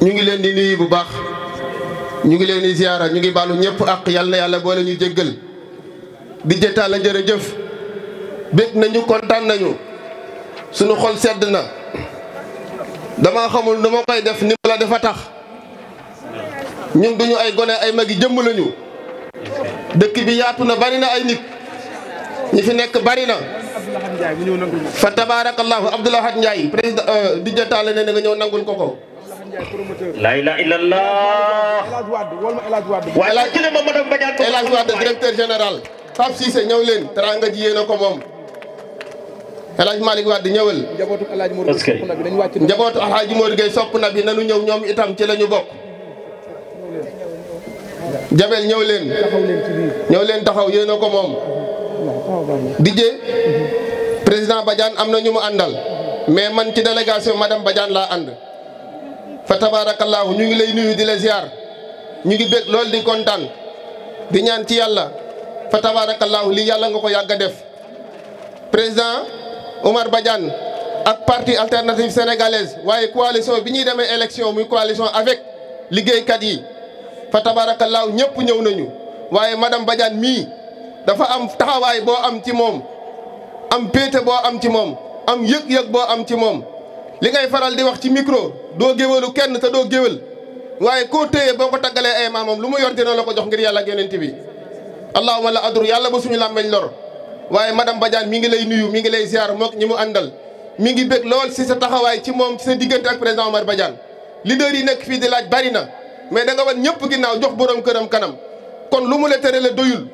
ñu ngi leen di nuyu bu baax ñu ngi leen di ziyaara ñu ngi baalu ñëpp ak yàlla na yàlla boole ñu jéggal di jëtaa la jërëjëf bég nañu kontaan nañu suñu xol sedd na dama xamul nu ma koy def ni ma la dafa tax ñun duñu ay gone ay magi jëmm lañu dëkk bi yaatu na bari na ay nit ñi fi nekk bari na fa tabarakallahu Abdoulahat Ndiaye président euh, di jëtaa la ne nga ñëw nangul ko ko la ilaha illallah waaye laa jëlee ma madame Badiane El Hadj Wade directeur général Pape Cissé ñëw leen teraanga ji yéena ko moom El Hadj Malick Wade ñëwal njabootu El Hadj Modou Gueye sopp na bi nanu ñëw ñoom itam ci la ñu bokk Jabel ñëw leen ñëw leen taxaw yéena ko moom DJ président Badiane am na ñu mu àndal mais man ci délégation madame Badiane laa ànd fa tabaarakallaahu ñu ngi lay nuyu di la ziar ñu ngi bég loolu di kontaan di ñaan ci yàlla fa tabaarakallaahu li yàlla nga ko yàgg def président Omar Badiane ak parti alternative sénégalaise waaye coalition bi ñuy demee élection muy coalition avec liggéeykat yi fa tabaarakallaahu ñëpp ñëw nañu waaye madame Badiane mii dafa am taxawaay boo am ci moom am péete boo am ci moom am yëg-yëg boo am ci moom li ngay faral di wax ci micro doo géwélu kenn te doo géwél waaye koo téye boo ko taggalee ay maamam lu mu yor dina la ko jox ngir yàlla yonent bi allahuma la adru yàlla ba suñu làmmeñ lor waaye madame Badiane mi ngi lay nuyu mi ngi lay ziar mook ñi mu àndal mi ngi bég lool si sa taxawaay ci moom ci sa diggante ak président Omar Badiane leader yi nekk fii di laaj bari na mais da nga wan ñëpp ginnaaw jox boroom këram kanam kon lu mu la tërale doyul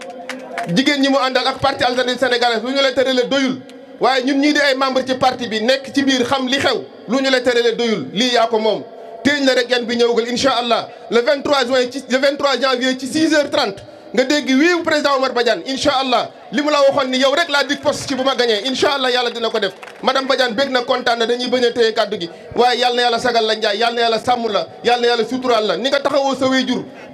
jigéen ñi mu àndal ak parti alternative sénégalais lu ñu la tërale doyul waaye ñun ñii di ay membre ci parti bi nekk ci biir xam li xew lu ñu la terale doyul lii yaa ko moom téeñ la rek yan bi ñëwgal incha allah le 23 juin ci le 23 ci 6h30 nga dégg wiiw président Omar Badiane incha allah li mu la waxoon ni yow rek laa dig poste ci bu ma gañee incha allah yàlla dina ko def madame Badiane bég na kontaan na dañuy bañ a téye kàddu gi waaye yàlla sagal la njaay yàlla na yàlla sàmm la yàlla na yàlla suturaal la ni nga taxawoo sa wéy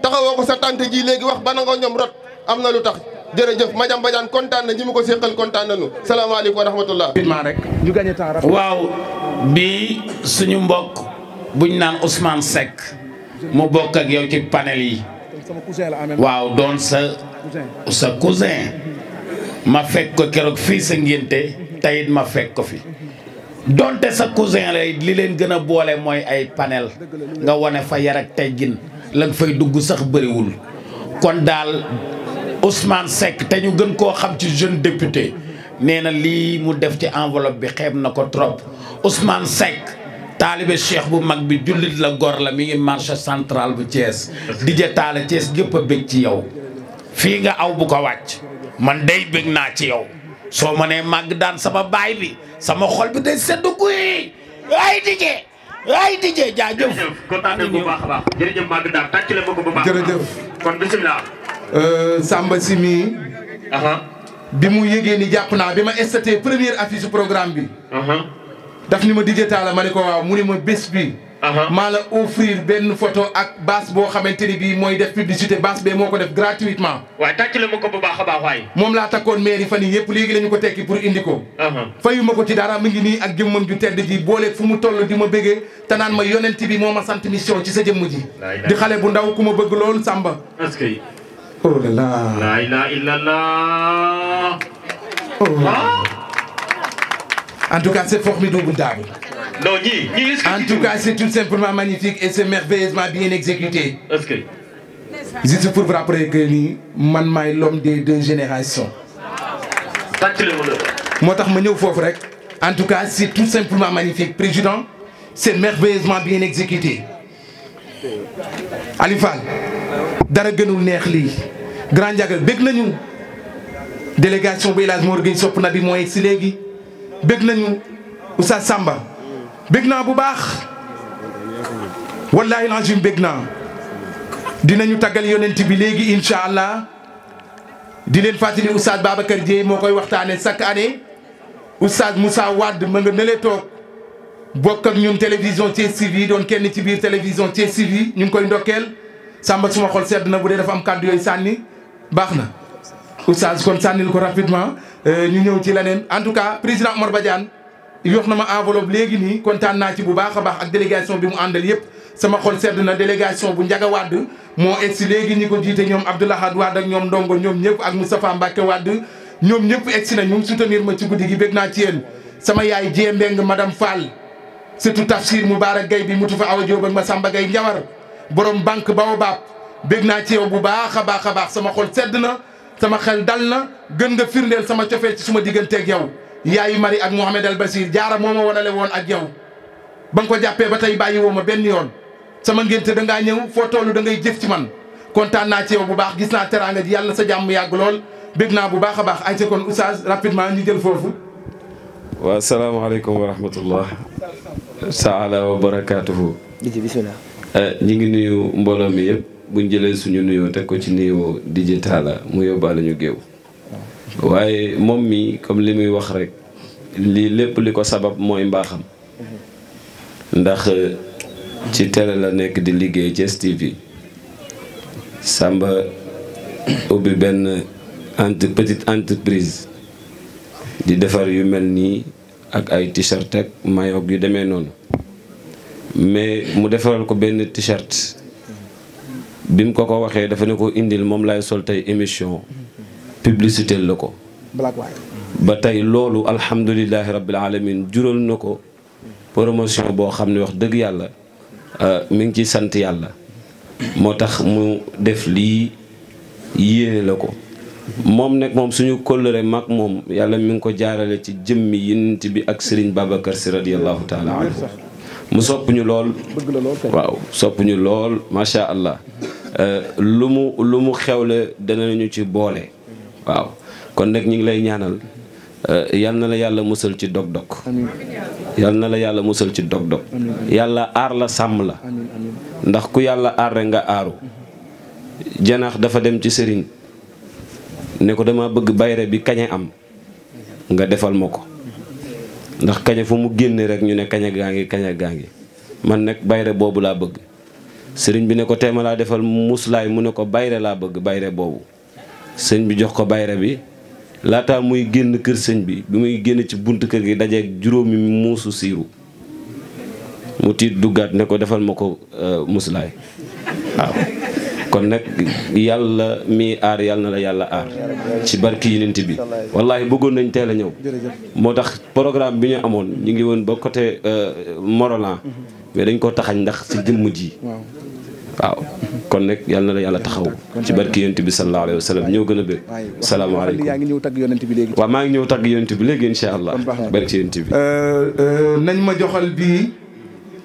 taxawoo ko sa tante ji léegi wax ba na nga ñoom rot am na lu tax jërëjëf Madiame Badiane kontaan na ñi mu ko séqal kontaan nañu salaamaaleykum wa rahmatullah. rek ñu gagné temps rafet. suñu mbokk buñ naan Ousmane Seck mu bokk ak yow ci panel yi. waaw doon sa sa cousin ma fekk ko keroog fii sa ngénte tayit ma fekk ko fi doonte sa cousin lay li leen gën a boole mooy ay panel nga wone fa yar ak teggin la nga fay dugg sax bëriwul kon daal Ousmane Seck te ñu gën koo xam ci jeune député nee na lii mu def ci enveloppe bi xeeb na ko trop Ousmane Seck taalibe cheikh bu mag bi jullit la gor la mi ngi marché centrale bu Thiès di ja taala Thiès gépp a ci yow fii nga aw bu ko wàcc man day bég naa ci yow soo ma nee màgg daan sama baay bi sama xol bi day sedd guy ay dijee ay dijee jaajëf Euh, Samba si mii. bi mu yëgee ni jàpp naa bi ma statee première affice programme bi. daf ni ma DJ Talla ma ne ko waaw mu ni ma bés bi. maa la offrir benn photo ak baas boo xamante ni bii mooy def publicité baas bee moo ko def gratuitement. waaye tàcc la ma ko bu baax a baax waay. moom laa takkoon mairie fan yii yëpp léegi la ko tekki pour indi ko. fayu ko ci dara mu ngi nii ak jëmmam ju tedd ji boole fu mu toll di ma bëggee te naan ma yonent bi moo ma sant mission ci sa jëmm ji. di xale bu ndaw ku ma bëgg lool Samba. oh là là. en tout cas c'est formidable Dabo. non en tout cas c'est tout simplement magnifique et c'est merveilleusement bien exécuté. est pour vous rappeler que ni man maay l'homme des deux générations. moo tax ma ñëw foofu rek. en tout cas c'est tout simplement magnifique président c'est merveilleusement bien exécuté. Aliou Fall. dara gënul neex lii grand Ndiaga bég nañu délégation bu El Hadj sopp na bi moo egg si léegi bég nañu Oustaz Samba bég naa bu baax wallaahi lancim bég naa dinañu taggal yonent bi léegi incha allah di leen fàttali Oustaz Babacar Dieye moo koy waxtaane chaque année Oustaz Moussa Wade mën nga nële toog bokk ak ñun télévision Thiès TV doon kenn ci biir télévision Thiès TV ñu ngi koy ndokkeel sàmba suma xol sedd na bu dee dafa am kàddu yooyu sànni baax na u oustaz kon sànnil ko rapidement euh, ñu ñëw ci leneen en tout cas président Omar Badiane yox na ma enveloppe léegi nii kontaan naa ci bu baax a baax ak délégation bi mu àndal yëpp sama xol sedd na délégation bu Njaga Wàdd moo si léegi ñi ko jiite ñoom Abdoulahad Wàdd ak ñoom Ndongo ñoom ñëpp ak Moustapha Mbacke Wàdd ñoom ñëpp egsi na ñoom soutenir ma ci guddi gi bég naa ci yéen sama yaay Jéembeng madame Fall surtout Tafsir Moubarak Gaye bi mutu fa awa Joob ak Masamba Gaye Njawar borom banque Baobab bég naa ci yow bu baax a baax a baax sama xol sedd na sama xel dal na gën nga firndeel sama cofeel ci suma diggante digganteeg yow yaayu mari ak Mouhamed Al Basir jaara moo ma wanale woon ak yow ba nga ko jàppee ba tey bàyyi woo ma benn yoon sama ngénte da ngaa ñëw foo toll da ngay jëf ci man kontaan naa ci yow bu baax gis naa teraanga ji yàlla sa jàmm yàgg lool bég naa bu baax a baax ay sa kon oustaz rapidement ñu jël foofu waaw salaamaaleykum wa rahmatullah taala wa barakaatuhu bismillah Eh, ñi ngi nuyu mbooloo mi yëpp buñ jëlee suñu nuyoo teg ko ci nuyoo digital mu yóbbaale ñu géew waaye moom mi comme li muy wax rek lii lépp li ko sabab mooy mbaaxam ndax eh, ci télé la nekk di liggéey Thiès TV sàmba ubbi benn entre petite entreprise di defar yu mel nii ak ay t-shirt ak maillot yu demee noonu mais mu defaral ko benn t-shirt bi mu ko ko waxee dafa ne ko indil moom laay sol tey émission publicité la ko ba tey loolu alhamdulilahi rabbil alamin jural na ko promotion boo xam ne wax dëgg yàlla euh, mi ngi ciy sant yàlla moo tax mu def lii yéene la ko moom nag moom suñu kóllëre mag moom yàlla mi ngi ko jaarale ci jëmmi yonent bi ak Serigne Babacar si radiallahu taala anhu mu sopp lool waaw soppuñu lool macha allah euh, lu mu lu mu xewle danañu ci boole waaw kon nag ñu ngi lay ñaanal euh, yal na la yàlla musal ci dog-dog na la yàlla musal ci dog-dog yàlla aar la sàmm la ndax ku yàlla aar nga aaru janax dafa dem ci sëriñ ne ko dama bëgg bayre bi kañe am nga defal ma ko ndax kaña fa mu génne rek ñu ne kaña gaa ngi kaña gaa ngi man nag bayre boobu laa bëgg sëriñ bi ne ko teema laa defal muslaay mu ne ko bayre laa bëgg bayre boobu sëñ bi jox ko bayre bi laataa muy génn kër sëñ bi bi muy génn ci bunt kër gi dajeeg juróomi muusu siiru mu tiit duggaat ne ko defal ma ko euh, muslaay waaw kon nag yàlla mii aar yàlla na la yàlla ci barki yonent bi wallaahi bëggoon nañ teel a ñëw moo tax programme bi ñu amoon ñu ngi woon ba côté euh, Morolan mhm. mais dañ ko taxañ ndax si jëmm ji waaw kon nag yàlla la yàlla taxaw ci barki yonent bi sallallahu alayhi wa gën a bëgg salaamaaleykum ñëw tagg yonent bi léegi waaw maa ngi ñëw tagg yonent bi léegi incha allah barki yonent bi euh, euh, nañ ma joxal bi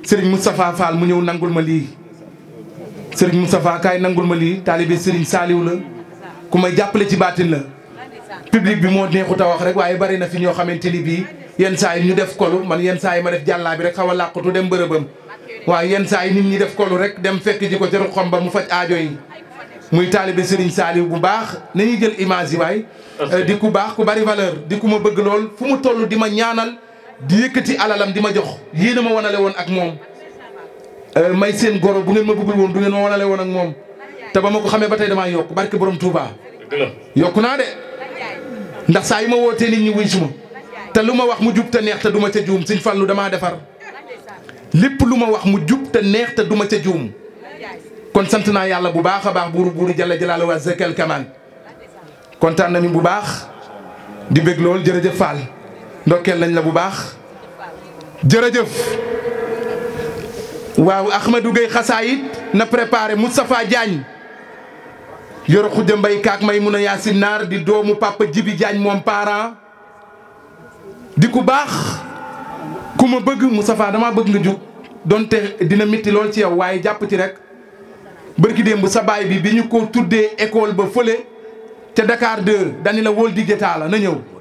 Serigne Moustapha Fall mu ñëw nangul ma lii Serigne Moustapha kaay nangul ma lii taalibe Serigne saaliw la ku may jàppale ci baatin la public bi moo neexut a wax rek waaye bari na fi ñoo xamante ni bii yenn saa yi ñu def kolu man yenn saa yi ma def jàllaa bi rek xaw a làqutu dem bërëbam waaye yenn saa yi nit ñi def kolu rek dem fekk ji ko ca ruxam ba mu faj aajo yi muy taalibe Serigne Saliou bu baax nañuy jël image yi waay euh, di ku baax ku bari valeur di ku ma bëgg lool fu mu toll di ma ñaanal di yëkkati alalam di ma jox yéen a ma wanale woon ak moom Euh, may seen goro bu ngeen ma bëggul woon du ngeen ma wanale woon ak moom te ba ma ko xamee ba tey damaa yokk barke borom Touba. yokk naa de ndax saa yu ma wootee nit ñi wuy suma te lu ma wax mu jub te neex te duma ma ca juum Sëñ Fallu damaa defar lépp lu ma wax mu jub te neex te duma ca juum kon sant naa yàlla bu baax a baax buuru buuru Jalla Jalaal waa Zakal Kamaan kontaan nañu bu baax di bég lool jërëjëf Fall ndokkeel nañ la bu baax jërëjëf. waaw Ahmadou Gueye xasaayit na préparé Moustapha Diagne yoro xudde mbay kaak may mun a yaasin naar di doomu papa Jibi jaañ moom parent di ku baax ku ma bëgg Moustapha dama bëgg nga jug donte dina mitti ci yow waaye jàpp ci rek bërki démb sa baay bi bi ñu ko tuddee école ba fële ca Dakar 2 dañu la wóol di la na ñëw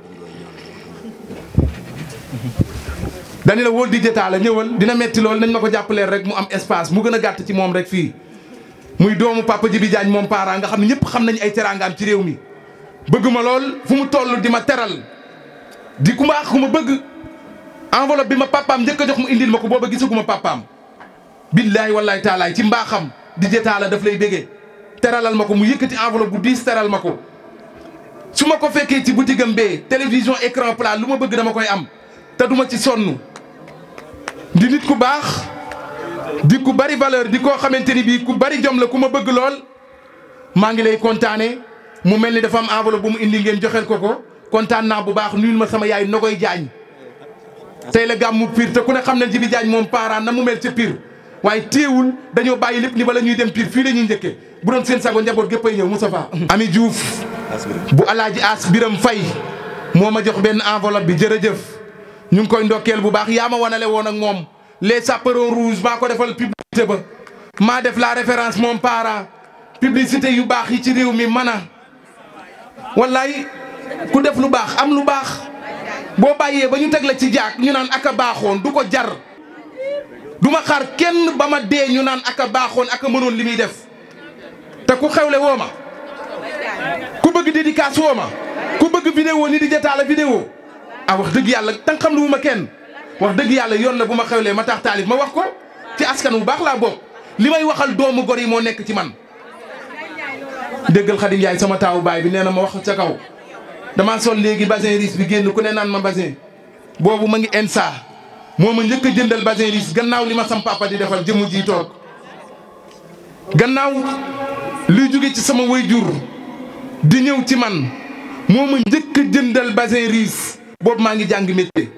dañu la di Dj Talla ñëwal dina metti lool nañ ma ko jàppalee rek mu am espace mu gën a gàtt ci moom rek fii muy doomu papa Jibi Diagne moom parent nga xam ne ñëpp xam nañ ay teraangaam ci réew mi bëgguma lool fu mu toll di ma teral di ku mbaax ku ma bëgg enveloppe bi ma papaam njëkk a jox mu indil ma ko booba gisaguma papaam billaay wallaay taalaay ci mbaaxam Dj Talla daf lay bégee teralal ma ko mu yëkkati enveloppe bu diis teral ma ko su ma ko fekkee ci boutique am bee télévision écran plat lu ma bëgg dama koy am te duma ci sonn di nit ku baax di ku bari valeur di koo xamante ni bii ku bari jom la ku ma bëgg lool maa ngi lay kontaane mu mel ni dafa am enveloppe bu mu indi ngeen joxeel ko ko kontaan naa bu baax nuyul ma sama yaay Nogoy jaañ tey la gàmmu piir te ku ne xam ne Jibi Diagne moom parent na mu mel ca Pire waaye téewul dañoo bàyyi lépp ni bala ñuy dem piir fii la ñuy njëkkee bu doon seen sago njaboot gépp ay ñëw Moustapha Ami Diouf bu alaaji As Biram Fay moo ma jox benn enveloppe bi jërëjëf ñu ngi koy ndokkeel bu baax yaa ma wanale woon ak moom les chaperons rouges maa ko defal publicité ba maa def la référence moom parent publicité yu baax yi ci réew mi man a wallaay ku def lu baax am lu baax boo bàyyee ba ñu teg la ci jaak ñu naan aka baaxoon du ko jar du ma xaar kenn ba ma dee ñu naan aka baaxoon aka mënoon li muy def te ku xewle woo ma ku bëgg dédicace woo ma ku bëgg vidéo ni di jotaale vidéo ah wax dëgg yàlla tan xam lu mu ma kenn wax dëgg yàlla yoon la bu ma xewlee ma tax taalif ma wax ko ci askan bu baax laa bokk li may waxal doomu gor yi moo nekk ci man déggal Xadim Njaay sama taawu baay bi nee na ma wax ca kaw damaa sol léegi basin riche bi génn ku ne naan ma basin boobu ma ngi ENSA moo ma njëkk jëndal basin riche gannaaw li ma sam papa di defal jëmu ji toog gannaaw luy jóge ci sama jur di ñëw ci man moo ma njëkk a jëndal basin riche boobu maa ngi jàng métier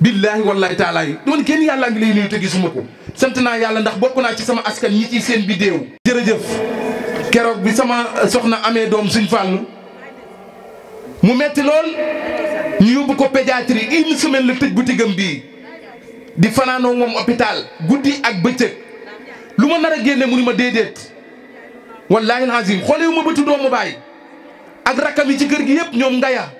billaahi wallaahi taalaa yi doon kenn yàlla ngi lay nuyu te gisuma ko sant naa yàlla ndax bokk naa ci sama askan ñi ci seen bidéew jërëjëf keroog bi sama soxna amee doom suñ fàllu mu metti lool ñu yóbbu ko pédiatrie une semaine la tëj boutique am bii di fanaanoo moom hôpital guddi ak bëccëg lu ma nar a génne mu ni ma déedéet wallaahi alazim xoolee ma bëtu doomu baay ak rakkam yi ci kër gi yëpp ñoom ngaya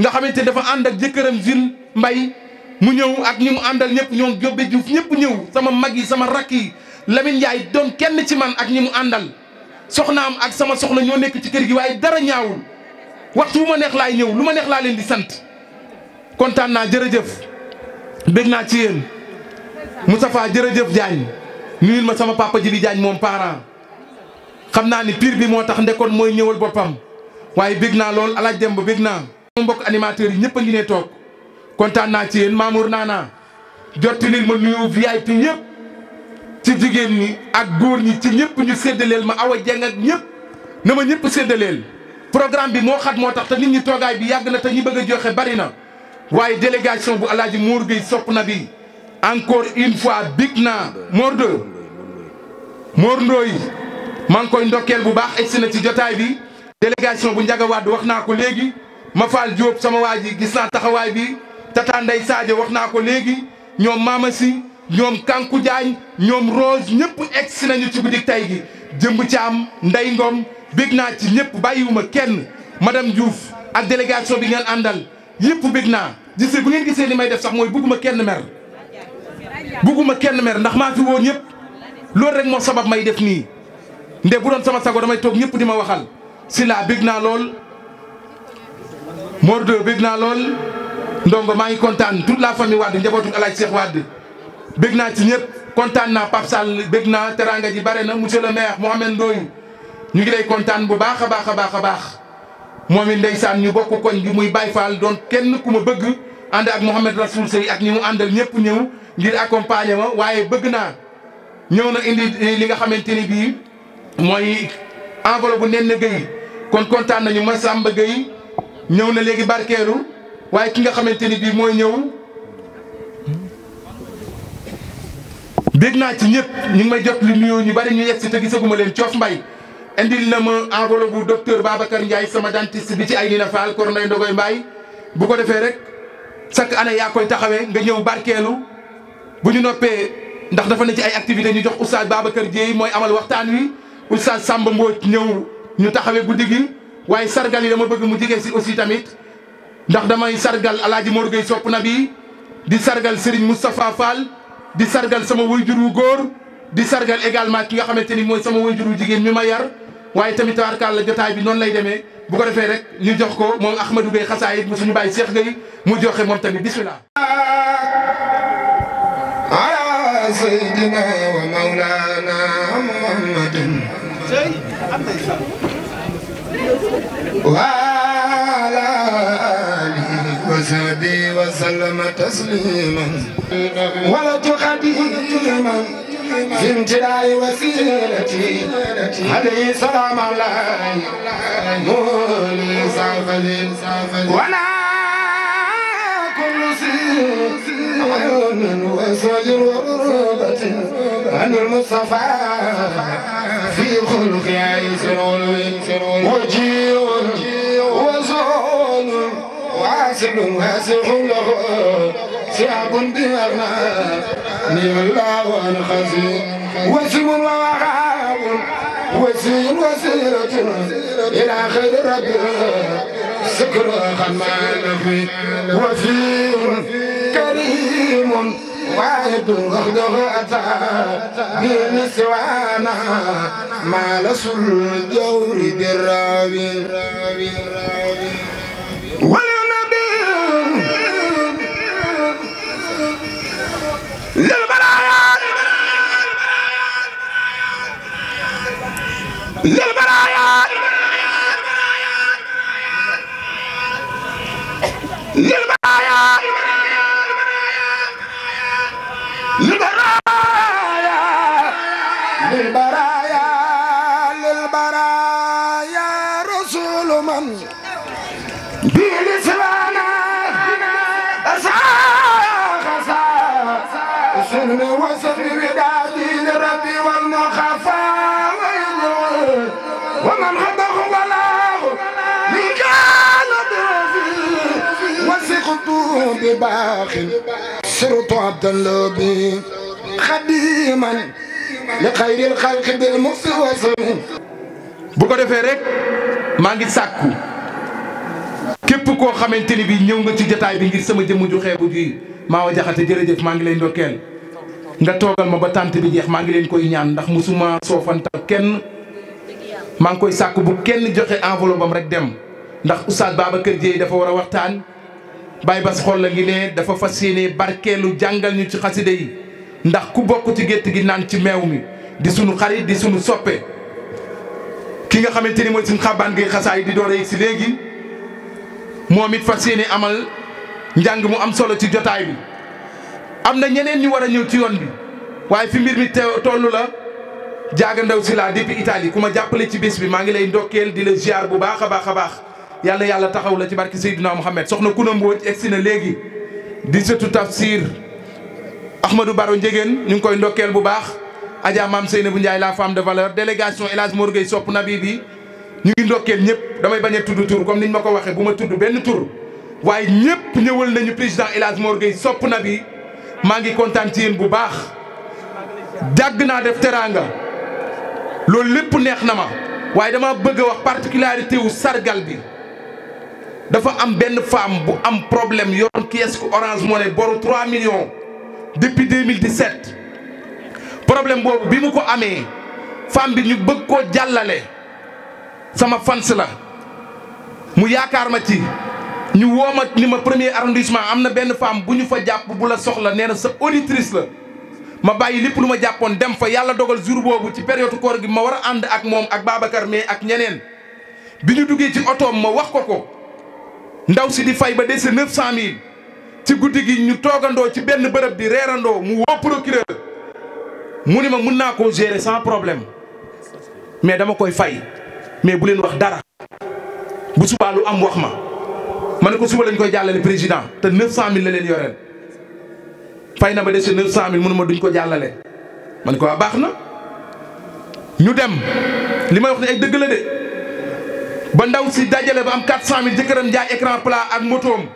nga xamante dafa ànd ak jëkkëram Jules mbay mu ñëw ak ñi mu àndal ñëpp ñoom Jobbe Diouf ñëpp ñëw sama mag yi sama rakk yi Lamine Ndiaye doon kenn ci man ak ñi mu àndal soxna am ak sama soxna ñoo nekk ci kër gi waaye dara ñaawul waxtu wu ma neex laay ñëw lu ma neex laa leen di sant kontaan naa jërëjëf bég naa ci yéen Moustapha jërëjëf Diagne nuyul ma sama papa ji di moom parent xam naa ni piir bi moo tax ndekkoon mooy ñëwal boppam waaye bég naa lool alaaj Demba bég naa mbokk animateurs yi ñëpp a ngi ne toog kontaan naa ci yéen Mamour Nana jottalil ma nuyu VIP ñëpp ci jigéen ñi ak góor ñi ci ñëpp ñu séddaleel ma awa jeng ak ñëpp na ma ñëpp séddaleel programme bi moo xat moo tax te nit ñi toogaay bi yàgg na te ñi bëgg a joxe bari na waaye délégation bu alaaji Mour gi sopp na bi encore une fois big na Mor de Mor koy ndokkeel bu baax egsi na ci jotaay bi délégation bu Njaga Wàdd wax naa ko ma faal Diop sama waa ji gis naa taxawaay bi Tata Ndeye Sadio wax naa ko léegi ñoom Mama Si ñoom Kanku Diagne ñoom Rose ñëpp egsi nañu ci guddi tey gi jëmb caam Ndey Ngom bég naa ci ñëpp bàyyiwuma kenn ma madame Diouf ak délégation bi ngeen àndal yëpp bég naa gis bu ngeen gisee li may def sax mooy bugguma kenn mer bugguma kenn mer ndax maa fi woo ñëpp loolu rek moo sabab may def nii nde bu doon sama sago damay toog ñëpp di ma waxal si laa bég naa lool Mordo bég naa lool ndongo maa ngi kontaan toute la famille Wade njabootu El Hadj Cheikh Wade bég naa ci ñëpp kontaan naa Pape Sall naa teraanga ji bare na monsieur le maire Mohamed Ndoye ñu ngi lay kontaan bu baax a baax a baax a baax moom it ndeysaan ñu bokk koñ bi muy Baye Fall doon kenn ku ma bëgg ànd ak Mouhamed Rassoul Sey ak ñi mu àndal ñëpp ñëw ngir accompagner ma waaye bëgg naa ñëw na indi li nga xamante ni bii mooy enveloppe bu nen na kon kontaan nañu Massamba Guèye ñëw na léegi barkeelu waaye ki nga xamante ni bii mooy ñëw dégg naa ci ñëpp ñu ngi may jot lu nuyoo ñu bari ñu yegg si te gisaguma leen coof mbay indil na ma enveloppe bu docteur Babacar Ndiaye sama dentiste bi ci ay Nina Fall kor nday Ndogoy Mbaye bu ko defee rek chaque année yaa koy taxawee nga ñëw barkeelu bu ñu noppee ndax dafa na ci ay activité ñu jox oustaz Babacar jeey mooy amal waxtaan wi oustaz Samba Mbodj ñëw ñu taxawee guddi gi waaye sargal yi dama bëgg mu jege si aussi tamit ndax damay sargal alaaji Mor Gueye sopp na bi di sargal Serigne Moustapha Fall di sargal sama wayjur wu góor di sargal également ki nga xamante ni mooy sama wayjur wu jigéen mi ma yar waaye tamit tawarkaal la jotaay bi noonu lay demee bu ko defee rek ñu jox ko moom Ahmadou Gueye xasaayit mu suñu bàyyi Cheikh Gueye mu joxe moom tamit bismillah ala sayyidina wa maulana وعلى آله وصحبه وسلم تسليما ولا تقديما في امتلاء وسيلتي عليه سلام الله مولي صافلين وانا كل سيد عيون وسجر وغربة عن المصطفى في خلق عيسر ولوين وجيل حاسب واسع له سعب بأغنى الله عن خزي وسم وغاب وسيل وسيلة إلى خير ربي سكر خمان في وفي كريم واحد غدغ أتى بنسوانا ما لسل الدور بالراوي ولا للبرايا للبرايا للبرايا يكون بباخ سرت عبد اللبي bu ko defee rek maa ngi sàkku képp koo xamante ni bi ñëw nga ci jataay bi ngir sama jëmm ju xeebu bi maa wa jërëjëf maa ngi lay ndokkeel nga toogal ma ba tànt bi jeex maa ngi leen koy ñaan ndax musuma soofantal kenn maa ngi koy sàkku bu kenn joxe enveloppe rek dem ndax oustaz Babacar Dieye dafa war a waxtaan Baye Bass xol la ngi ne dafa fas yéene barkeelu jàngal ñu ci xaside yi ndax ku bokk ci gétt gi naan ci meew mi di sunu xarit di sunu soppe ki nga xamante ni mooy suñu xabaan gi xasaay di doore si léegi moom it fas yéene amal njàng mu am solo ci jotaay bi am na ñeneen ñu war a ñëw ci yoon bi waaye fi mbir mi toll la jaaga ndaw si laa depuis Italie ku ma jàppale ci bés bi maa ngi lay ndokkeel di la ziar bu baax a baax a baax yàlla yàlla taxaw la ci barki Seydina Mouhamed soxna Kuna Mbodj egsi na léegi di sëtu tafsir Ahmadou Baro njegeen ñu ngi koy ndokkeel bu baax Adja Maam Seynabou Ndiaye la femme de valeur délégation El Hadj Mor Gueye sopp nabi bi ñu ngi ndokkeel ñëpp damay bañ a tudd tur comme niñ ma ko waxee bu ma tudd benn tur waaye ñëpp ñëwal nañu président El Hadj Mor Gueye na nabi maa ngi kontaan ci yéen bu baax jàgg naa def teraanga loolu lépp neex na ma waaye dama bëgg a wax particularité wu sargal bi dafa am benn femme bu am problème yoroon kiosque Orange Money boru 3 millions depuis 2017 problème boobu bi mu ko amee femme bi ñu bëgg koo jàllale sama fans la mu yaakaar ma ci ñu woo ma ni ma premier arrondissement am na benn femme bu ñu fa jàpp bu la soxla nee na sa auditrice la ma bàyyi lépp lu ma jàppoon dem fa yàlla dogal jour boobu ci période koor gi ma war a ànd ak moom ak Babacar mais ak ñeneen bi ñu duggee ci otoom ma wax ko ko. ndaw si di fay ba dese neuf cent mille ci guddi gi ñu toogandoo ci benn bërëb di reerandoo mu woo procureur mu ni ma mun naa koo gérer san problème mais dama koy fay mais bu leen wax dara bu subaa lu am wax ma ma ne ko suba lañ koy jàllale président te neuf cent mille la leen yoreel fay na ba dese neuf cent mille munuma duñ ko jàllale ma ne ko waa ah, baax na ñu dem li may wax ne ay dëgg la de ba ndaw si dajale ba am 400000 jëkkëram jaay écran plat ak motoom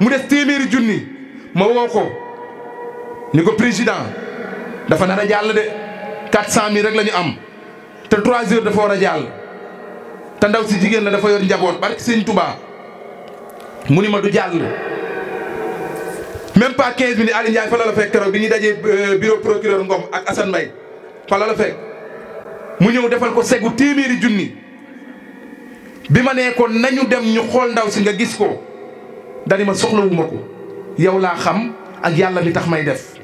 mu des téeméeri junni ma woo ko ni ko président dafa nar a jàll de 400000 rek lañu am te trois heures dafa war a jàll te ndaw si jigéen la dafa yor njaboot barke sëñ Touba mu ni ma du jàll. même pas 15 minutes Aliou Ndiaye fa la la fekk keroog bi ñuy dajee euh, bureau procureur Ngom ak Assane Mbaye fa la la fekk mu ñëw defal ko segu téeméeri junni. bi ma nee ko nañu dem ñu xool ndaw si nga gis ko dani ma soxlawuma ko yow laa xam ak yàlla mi tax may def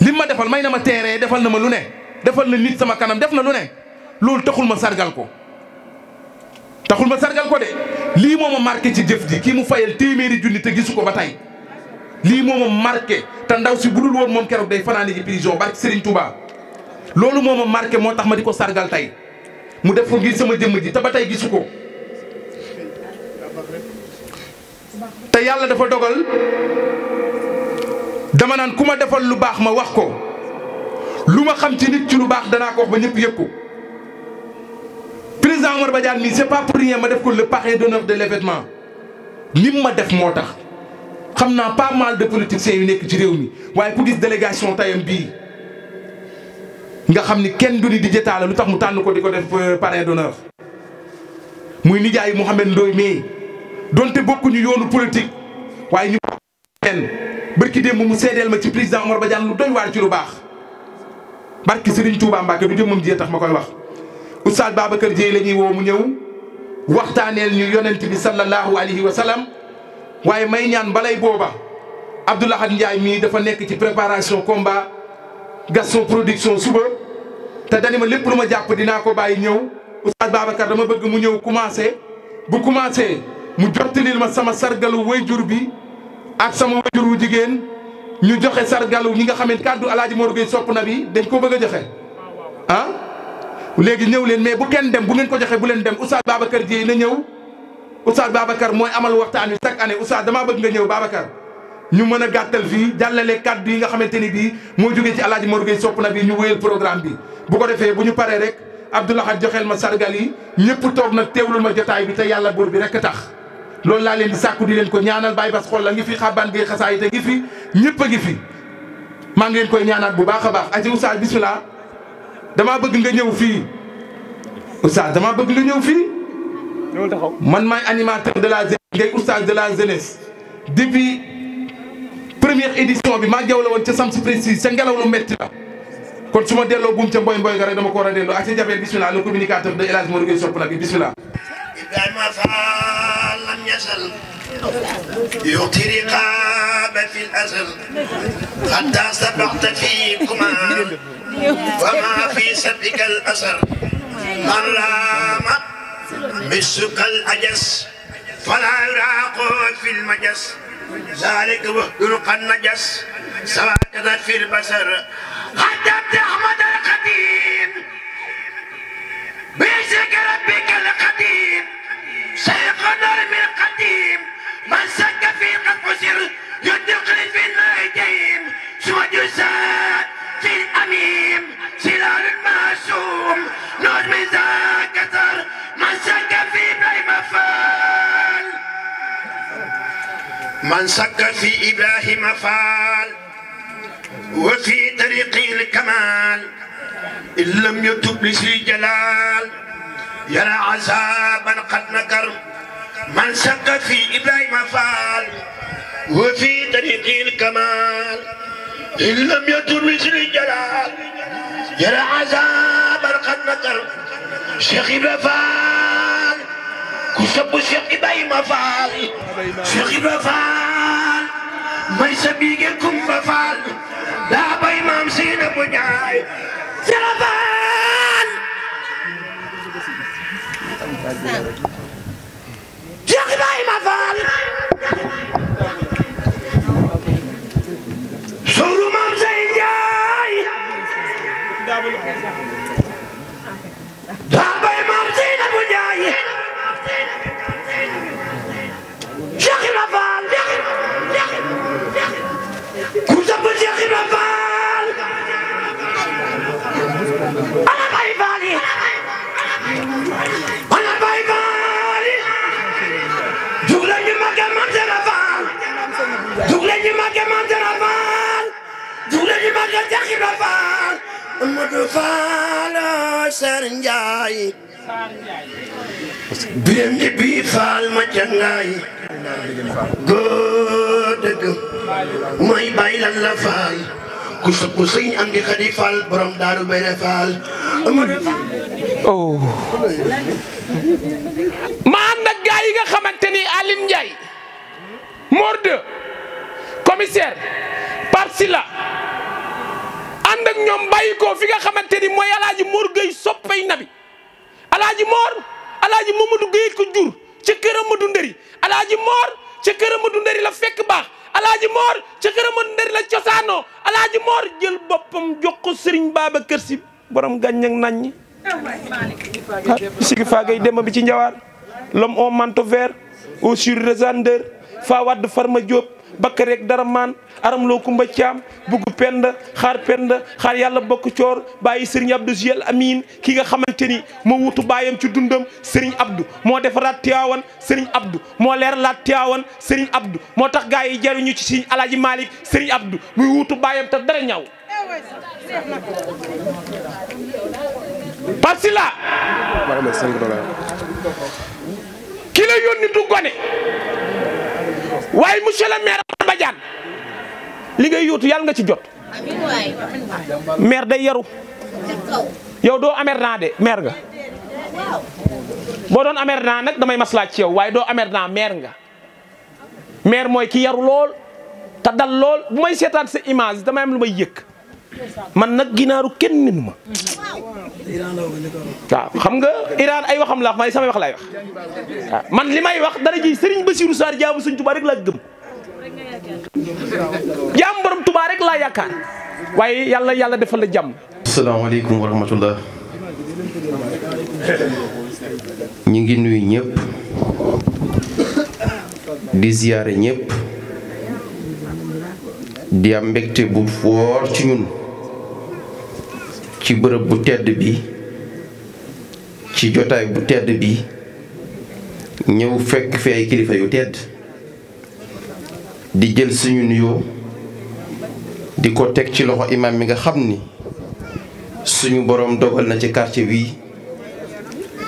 lim ma defal may na ma teeree defal na ma lu ne defal na nit sama kanam def na lu ne loolu taxul ma sargal ko taxul ma sargal ko de lii moom ma marqué ci jëf ji kii mu fayal téeméeri junni te gisu ko ba tey lii moom ma marqué te ndaw si budul woon moom keroog day fanaani ji prison barke Serigne Touba loolu moom ma marqué moo tax ma di ko sargal tey mu def ko ngir sama jëmm ji te ba tey gisu ko te yàlla dafa dogal dama naan ku ma defal lu baax ma wax ko lu ma xam ci nit ci lu baax danaa ko wax ba ñëpp yëg ko président Omar Badiane mii c'est pas pour rien ma def ko le parrain d'honneur de l'événement lim ma def moo tax xam naa pas mal de politiciens yu nekk ci réew mi waaye ku gis délégation tayam bii nga xam ni kenn du ni Didier Talla lu tax mu tànn ko di ko def euh, parrain d'honneur muy nijaayu Mouhamed Ndoye mii donte bokkuñu yoonu politique waaye ñu kenn barki démb mu seedeel ma ci président Omar Badiane lu doy waar ci lu baax barki Serigne Touba Mbacke du jëmmam jiyee tax ma koy wax Oustaz Babacar Dieye la ñuy woo mu ñëw waxtaaneel ñu yonent bi sallallahu alayhi wa sallam waaye may ñaan balay booba Abdoulaye Ndiaye mii dafa nekk ci préparation combat Gaston production suba te dañu ma lépp lu ma jàpp dinaa ko bàyyi ñëw Oustaz Babacar dama bëgg mu ñëw commencé bu commencé mu jottalil ma sama sargalu wayjur bi ak sama wayjur wu jigéen ñu joxe sargalu ñi nga xam ne kàddu alaaji Mor Gueye sopp na bi dañ koo bëgg a joxe ah léegi ñëw leen mais bu kenn dem bu ngeen ko joxe bu leen dem Oustaz Babacar Dieye na ñëw Oustaz Babacar mooy amal waxtaan wi chaque année Oustaz damaa bëgg nga ñëw Babacar ñu mën a gàttal fii jàllale kàddu yi nga xamante ni bii moo jógee ci alaaji Mor Gueye sopp na bi ñu wéyal programme bi bu ko defee bu ñu paree rek Abdoulaye joxeel ma sargal yi ñëpp toog nag teewlul ma jotaay bi te yàlla buur bi rek tax loolu laa leen di sàkku di leen ko ñaanal Baye Bass Xol la ngi fi xabaan gi xasaay te ngi fi ñëpp a ngi fi maa ngeen leen koy ñaanaat bu baax a baax aji oustaz bismillah damaa bëgg nga ñëw fii oustaz damaa bëgg nga ñëw fii man maay animateur de la jeunesse ngay oustaz de la jeunesse première édition bi maa jaw la woon ca sam si précis ca ngelaw lu metti la kon su ma delloo ca mboy mboy nga rek dama ko war a delloo ak bismillah le communicateur de El Hadj Modou Gueye sopp nag bismillah ibrahima fa lam yasal يعطي رقاب في الأزل حتى سبقت فيكما وما في سبك الأسر من رامت مسك الأجس فلا يراق في المجس ذلك وحد قد نجس سواء كذا في البشر قدمت احمد القديم باسمك ربك القديم شيخ نرم القديم من سك في قد فسر يدخل في النهجين سوى جزاء في الاميم سلال المعصوم نور مزاك كثر من سك في بين مفاد من سك في إبراهيم فال وفي طريق الكمال إن لم يتب لسي جلال يرى عذابا قد نكر من سك في إبراهيم فال وفي طريق الكمال إن لم يتب لسي جلال يرى عذابا قد نكر شيخ إبراهيم ku sëpp Cheikh Ibrahima Fall Cheikh Ibrahima Fall may sa biige Kumba Fall bay maam siina bu ñaay Sera Fall Cheikh Ibrahima Amadou Fall Sar Ndiaye biram di bi Fall ma cangaay góor dëgg mooy bay lan la faay ku ku sëñ am di xadi Fall borom daaru Béré Fall. oh. ma ànd ak gars yi nga xamante ni Aline Ndiaye. Morde commissaire Pape Silla ànd ak ñoom bàyyi ko fi nga xamante ni mooy El Hadj Mor Gueye soppay nabi El Mor El Hadj Mamadou Gueye jur ca këram Madou Nderi Mor ca këram Madou la fekk baa alaaji moor ca këraman ndër la cosaanoo alaaji moor jël boppam jox ko sëriñ Babacar Si borom gàññ ak nañ ñi sigi faagay demba bi ci njawaar l'homme au manteau vert au sur resendeur fa wadd farma Diop bakka reeg dara maan aram loo kumba caam bugg penda xaar penda xaar yàlla bokk coor bàyyi sëriñ abdou jel amin ki nga xamante ni moo wutu bàyyam ci dundam sëriñ abdou moo defaraat tiawan sëriñ abdou moo leeralaat tiawan sëriñ abdou moo tax gaa yi jariñu ci sëriñ alaaji malik sëriñ abdou muy wutu bàyyam te dara ñaw parce que la ki la gone waaye monsieur le maire Badiane li ngay yóotu yàlla nga ci jot. maire day yaru yow doo amer naa de maire nga boo doon amer naa nag damay maslaat ci yow waaye doo amer naa maire nga maire mooy ki yaru lool te dal lool bu may seetaan sa image damay am lu may yëkk man nag ginaaru kenn ninu ma xam nga Iran ay waxam la wax man samay wax laay wax man li may wax dara ji Serigne Bassirou Sarr jaamu Serigne Touba rek laa gëm jaam borom Tuubaa rek laa yaakaar waaye yàlla yàlla defal la jàmm. asalaamaaleykum wa ñu ngi nuyu ñëpp di ziyaare ñëpp di am mbegte bu foor ci ñun ci bërëb bu tedd bi ci jotaay bu tedd bi ñëw fekk fi ay kilifa yu tedd. di jël suñu nuyoo di ko teg ci loxo imam bi nga xam ni suñu boroom dogal na ci quartier bii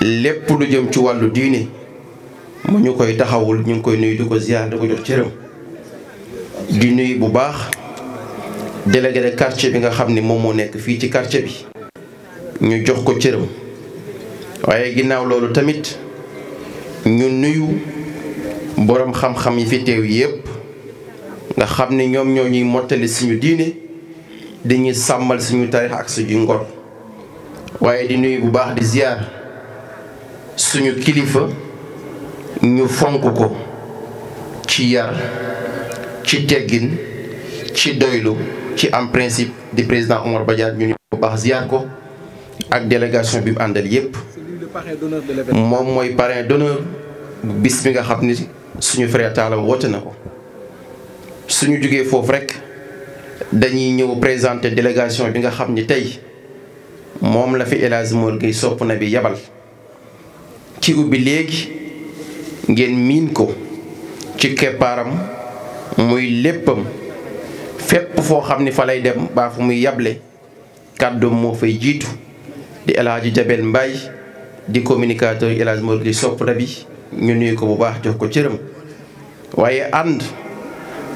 lépp lu jëm ci wàllu diine mu ñu koy taxawul ñu ngi koy nuyu di ko ziar di ko jox cëram di nuyu bu baax délégué de quartier bi nga xam ni moom moo nekk fii ci quartier bi ñu jox ko cëram waaye ginnaaw loolu tamit ñu nuyu boroom xam-xam yi fi teew yépp nga xam ni ñoom ñoo ñuy mottali suñu diine dañuy sàmmal suñu tarix ak suñu ngor waaye di nuyu bu baax di ziar suñu kilifa ñu fonk ko ci yar ci teggin ci doylu ci am principe di président Omar Badiane ñu bu baax ziar ko ak délégation bi mu àndal yépp moom mooy parrain d'honneur bis bi nga xam ni suñu frère Talla woote na ko suñu jugee foofu rek dañuy ñëw présenter délégation bi nga xam ni tey moom la fi El Hadji Mor Gueye Sope Nabi yabal ci ubbi léegi ngeen miin ko ci keppaaram muy léppam fépp foo xam ni fa lay dem baa fu muy yable kàddu moo fay jiitu di El Hadji Jabel Mbaye di communicateur El Hadji Mor Gueye ñu nuy ko bu baax jox ko cëram waaye ànd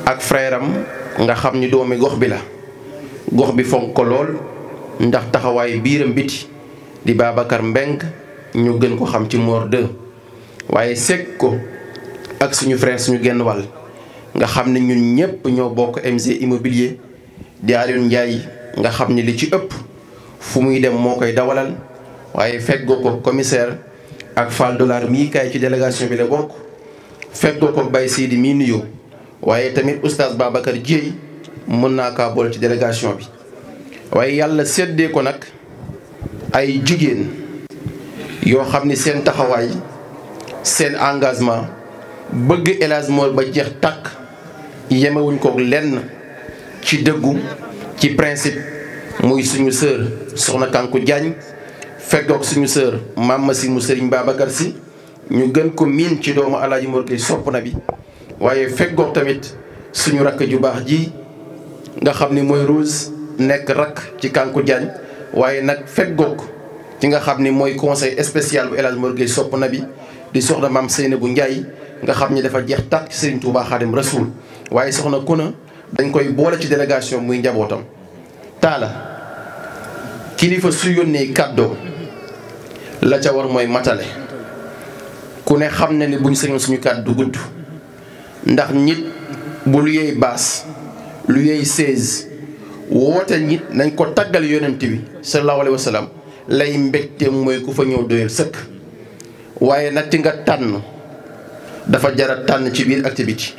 ak frère am nga xam ni doomi gox bi la gox bi fonk ko lool ndax taxawaayu biiram biti di Babacar mbenk ñu gën ko xam ci Mor 2 waaye sekk ko ak suñu frère suñu genn wàll nga xam ne ñun ñëpp ñoo bokk MG immobilier di Alioune Ndiaye nga xam ni li ci ëpp fu muy dem moo koy dawalal waaye feggoo ko commissaire ak Fall Dollar mii kaay ci délégation bi la bokk feggoo ko Baye Sidi mii nuyoo waaye tamit oustaz Babacar Dieye mën naa kaa bool ci délégation bi waaye yàlla seddee ko nag ay jigéen yoo xam ni seen taxawaay seen engagement bëgg El ba jeex tàkk yemewuñ ko lenn ci dëggu ci principe muy suñu sœur soxna Kanku Diagne fekkoog suñu sœur maam ma si mu sëriñ Babacar si ñu gën ko miin ci doomu El Hadj Mor sopp na bi waaye feggoog tamit suñu rakk ju baax ji nga xam ni mooy Rose nekk rakk ci kànku Diagne waaye nag feggoog ci nga xam ni mooy conseil spécial bu El Hadj sopp na bi di soxna maam bu Ndiaye nga xam ni dafa jeex tàkk Serigne Touba Khadim Rasoul waaye soxna Kuna dañ koy boole ci délégation muy njabootam taala kilifa su yónnee kàddoo la ca war mooy matale ku ne xam na ni buñ sañoon suñu kàddu gudd ndax nit bu lu yey baas lu yey seize woote nit nañ ko taggal yonent bi sallallahu alayhi wa lay mbégte mooy ku fa ñëw doyal sëkk waaye natti nga tànn dafa jara tànn ci biir activité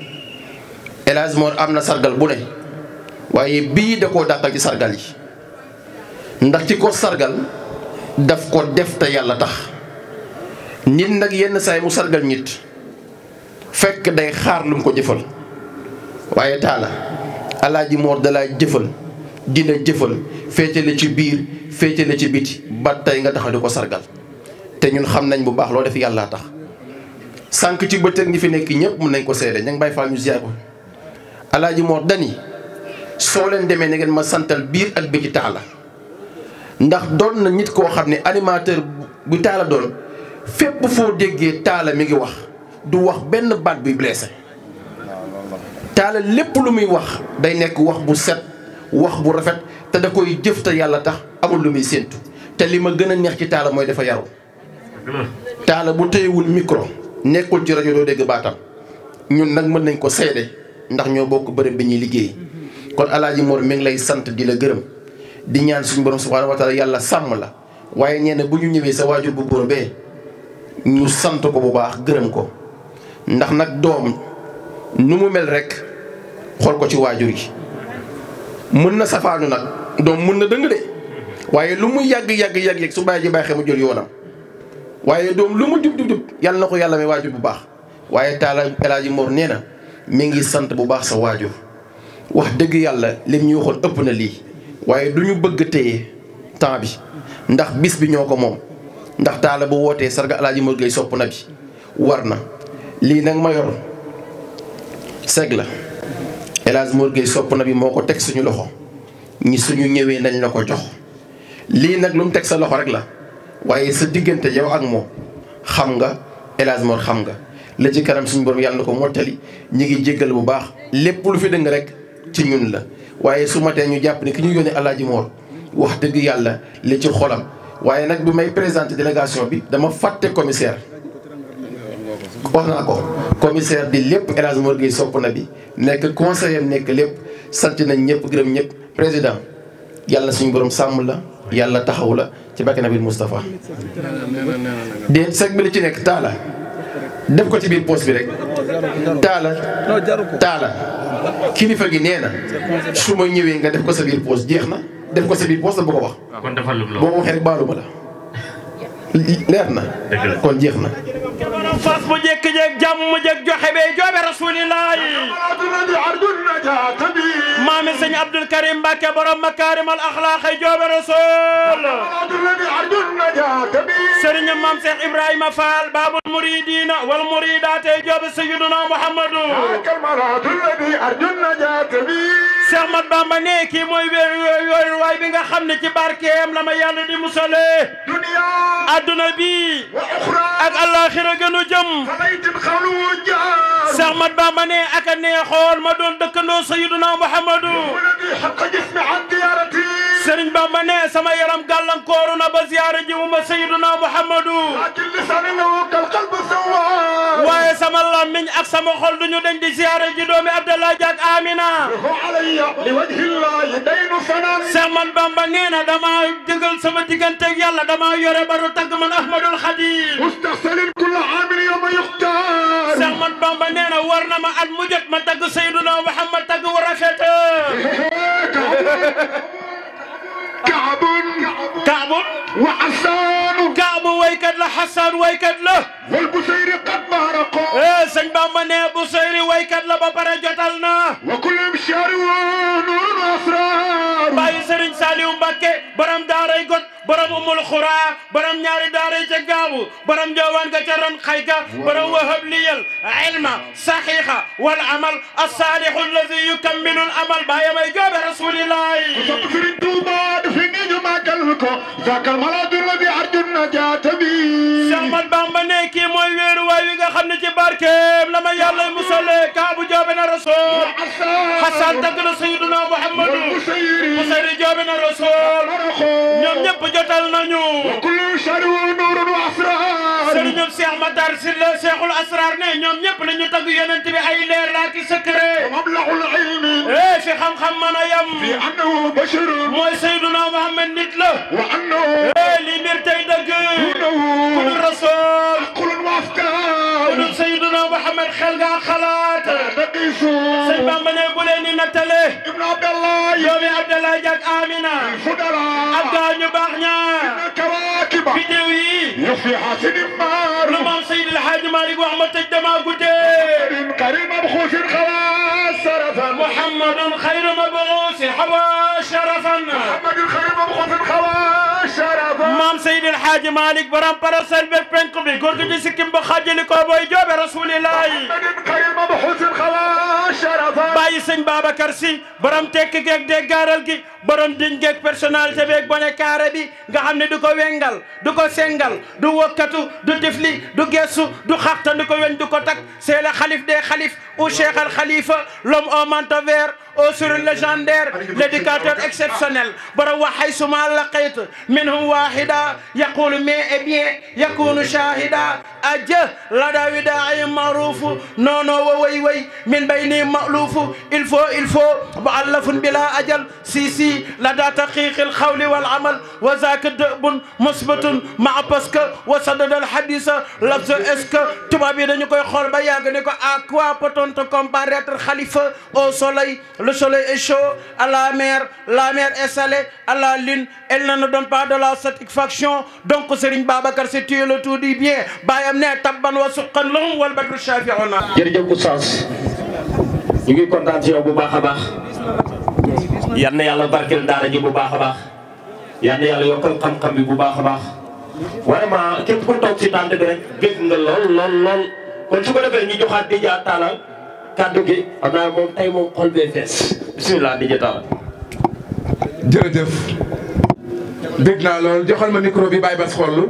El Hadj Mor am na sargal bu ne waaye bii da koo dàqal ci sargal yi ndax ci ko sargal daf ko def te yàlla tax nit nag yenn saay mu sargal nit fekk day xaar lu ko jëfal waaye taala alaaji moor dalaa jëfal dina jëfal féetale ci biir féetale ci biti ba tey nga tax di ko sargal te ñun xam nañ bu baax loo def yàllaa tax sanq ci bëtër ñi fi nekk ñëpp mën nañ ko seede ña ngi bàyyi faal ñu ziar ko alaaji moor dani soo leen demee na ngeen ma santal biir ak biti taala ndax doon na nit koo xam ne animateur bu taala doon fépp foo déggee taala mi ngi wax du wax benn baat buy blessé taala lépp lu muy wax day nekk wax bu set wax bu rafet te da koy jëf te yàlla tax amul lu muy séentu te li ma gën a neex ci taala mooy dafa yaru taala bu téyewul micro nekkul ci rajo doo dégg baatam ñun nag mën nañ ko seede ndax ñoo bokk bërëb bi ñuy liggéey kon alaaji Mor mi ngi lay sant di la gërëm di ñaan suñu borom subhaanahu wa yàlla sàmm la waaye nee na bu ñu ñëwee sa waajur bu góor bee ñu sant ko bu baax gërëm ko ndax nag doom nu mu mel rek xool ko ci waajur yi mën na safaanu nag doom mën na dëng de waaye lu mu yàgg yàgg yàgg su bàyyi ji baaxe mu jël yoonam waaye doom lu mu jub jub jub yàlla na ko yàlla may waajur bu baax waaye taala El Hadj nee na mi ngi sant bu baax sa waajur wax dëgg yàlla lim ñu waxoon ëpp na lii waaye du ñu bëgg téye temps bi ndax bis bi ñoo ko moom ndax taala bu wootee sarga El Hadj Mor Gueye sopp na bi war na. lii nag ma yor seg la El Hadj Mor Gueye sopp na bi moo ko teg suñu loxo ñi suñu ñëwee nañ la ko jox lii nag lu mu teg sa loxo rek la waaye sa diggante yow ak moom xam nga El Hadj xam nga la ci kanam suñu borom yàlla na ko mottali ñi ngi jéggal bu baax lépp lu fi dëng rek ci ñun la waaye su matee ñu jàpp ne ki ñu yónnee El Hadj wax dëgg yàlla li ci xolam waaye nag bi may présenter délégation bi dama fàtte commissaire wax naa ko commissaire bi lépp El Hadj Mor Gueye sopp na bi nekk conseiller nekk lépp sant nañ ñëpp gërëm ñëpp président yàlla suñu borom sàmm la yàlla taxaw la ci bakk nabil Moustapha. de sec bi li ci nekk taala def ko ci biir poste bi rek taala taala kilifa gi nee na su ma ñëwee nga def ko sa biir poste jeex na def ko sa biir poste bu ko wax. Ah, boo ko waxee rek baaluma la leer na kon jeex na. fas bu jekk jeeg jàmm jeeg joxe bee joobe rasulillahi maami sëñ Abdul Karim Mbacke borom makaarim al axlaaq ay joobe rasul sëriñam maam Cheikh Ibrahima Fall baabul muridina wal muridaate joobe sayyiduna Muhammadu Cheikh Ahmad Bamba ne kii mooy wéeru waay bi nga xam ne ci barkeem la ma yàlla di musalee. duniya adduna bi. wa uxra ak àllaaxira gënu jëm. Cheikh Ahmad Bamba ne ak a neexoon ma doon dëkkandoo Sayyiduna Muhammadu. Sëriñ Bamba ne sama yaram gàllankooru na ba ziyaare ji mu ma Sayyiduna Muhammadu waaye sama làmmiñ ak sama xol duñu dañ di ji doomi Abdallah Diak Amina Seex man Bamba nee na dama dëggal sama diggante ak Yàlla dama yore ba du tagg man Ahmadul Xadim Seex man Bamba nee na war na ma at mu jot ma tagg Sayyiduna Muhammad tagg wu rafet (laughs) kaabun kaabun wa xasaanu kaabu waykat la xasaan waykat la wal busayri qad baaraqo eh sëñ Bamba ne busayri waykat la ba pare jotal na wa kulum shariwa nurun asrar bàyyi Sëriñ Saliou Mbacké borom daaray got borom umul xuraa borom ñaari daaray ca gaabu borom njoowaan ga ca ron xay ga borom wahab liyal ilma saxiixa wal amal as saalihu alladi yukammilu al amal bàyyi may joobe rasulillahi fi ni ñu màggal ko zakal maladul bi arjun najaat bi Cheikh Ahmad Bamba ne kii mooy wéeru waay wi nga xam ne ci barkeem la ma yàlla musale kaabu joobe na rasool xasan tagg na sayyiduna muhammadu musayri joobe na rasool ñoom ñëpp jotal nañu kullu sharu nurun wa asrar sëriñam Cheikh Matar Sylla Cheikhul Asrar ne ñoom ñëpp nañu tagg yonent bi ay leer laa ki secret moom laxul ilmi fi eh, xam-xam mën a yem fi annahu bashirun mooy sayyiduna Seydina Mohamed nit la. wa annahu. li mbir tey dëgg. ku dul rasul. ku dul Seydina Mohamed xel nga xalaat. sëñ Bamba ne bu leen di nattale doomi Abdallah Diak Amina ak gaa ñu baax ñaar biddew yi lu maam Seydi El Hadji Malick wax ma tëj dama guddee محمد خير مبعوث حوا شرفا محمد خير مبعوث حوا maam Seydi El Hadji Malick borom parasel bi penk bi góor gi ci joobe rasulillahi bàyyi sëñ Babacar si borom tekki geeg déggaaral gi borom diñ geeg personnalité beeg bone kaare bi nga xam du ko wengal du sengal du wokkatu du tifli du gessu du xaxtan du ko weñ du xalif des xalif ou cheikh al xalifa l'homme au au sur légendaire l'éducateur exceptionnel barawa haysuma laqayt minhum wahida yaqulu ma et bien yakunu shahida aja lada wida'i ma'ruf non non wa way way min bayni ma'luf il faut il faut mu'allafun bila ajal si si lada taqiq al qawl wal amal wa zaka da'bun musbatun ma parce que wa sadada al hadith lafz est-ce que tubaab yi dañu koy xool ba yàgg ne ko à quoi peut-on te comparer Khalifa au soleil le soleil est chaud, à la mer, la mer est salée, la lune, elle ne nous donne pas de la satisfaction. Donc Serigne Babacar Sy tu es le tout du bien bàyyam ne tabban wa suqan lahum wal badru shafi'una jërëjëf Oustaz ñu ngi bu baax a baax yal na yàlla barkeel daara ji bu baax a baax yal na yàlla yokkal xam-xam bi bu baax a baax vraiment képp ku toog ci tànt bi rek bëgg nga lool lool lool kon su ko defee ñu joxaat déjà taala kàddu gi xam moom tey moom xol bee fees jërëjëf. dégg naa loolu joxal ma micro bi Baye Bass xool.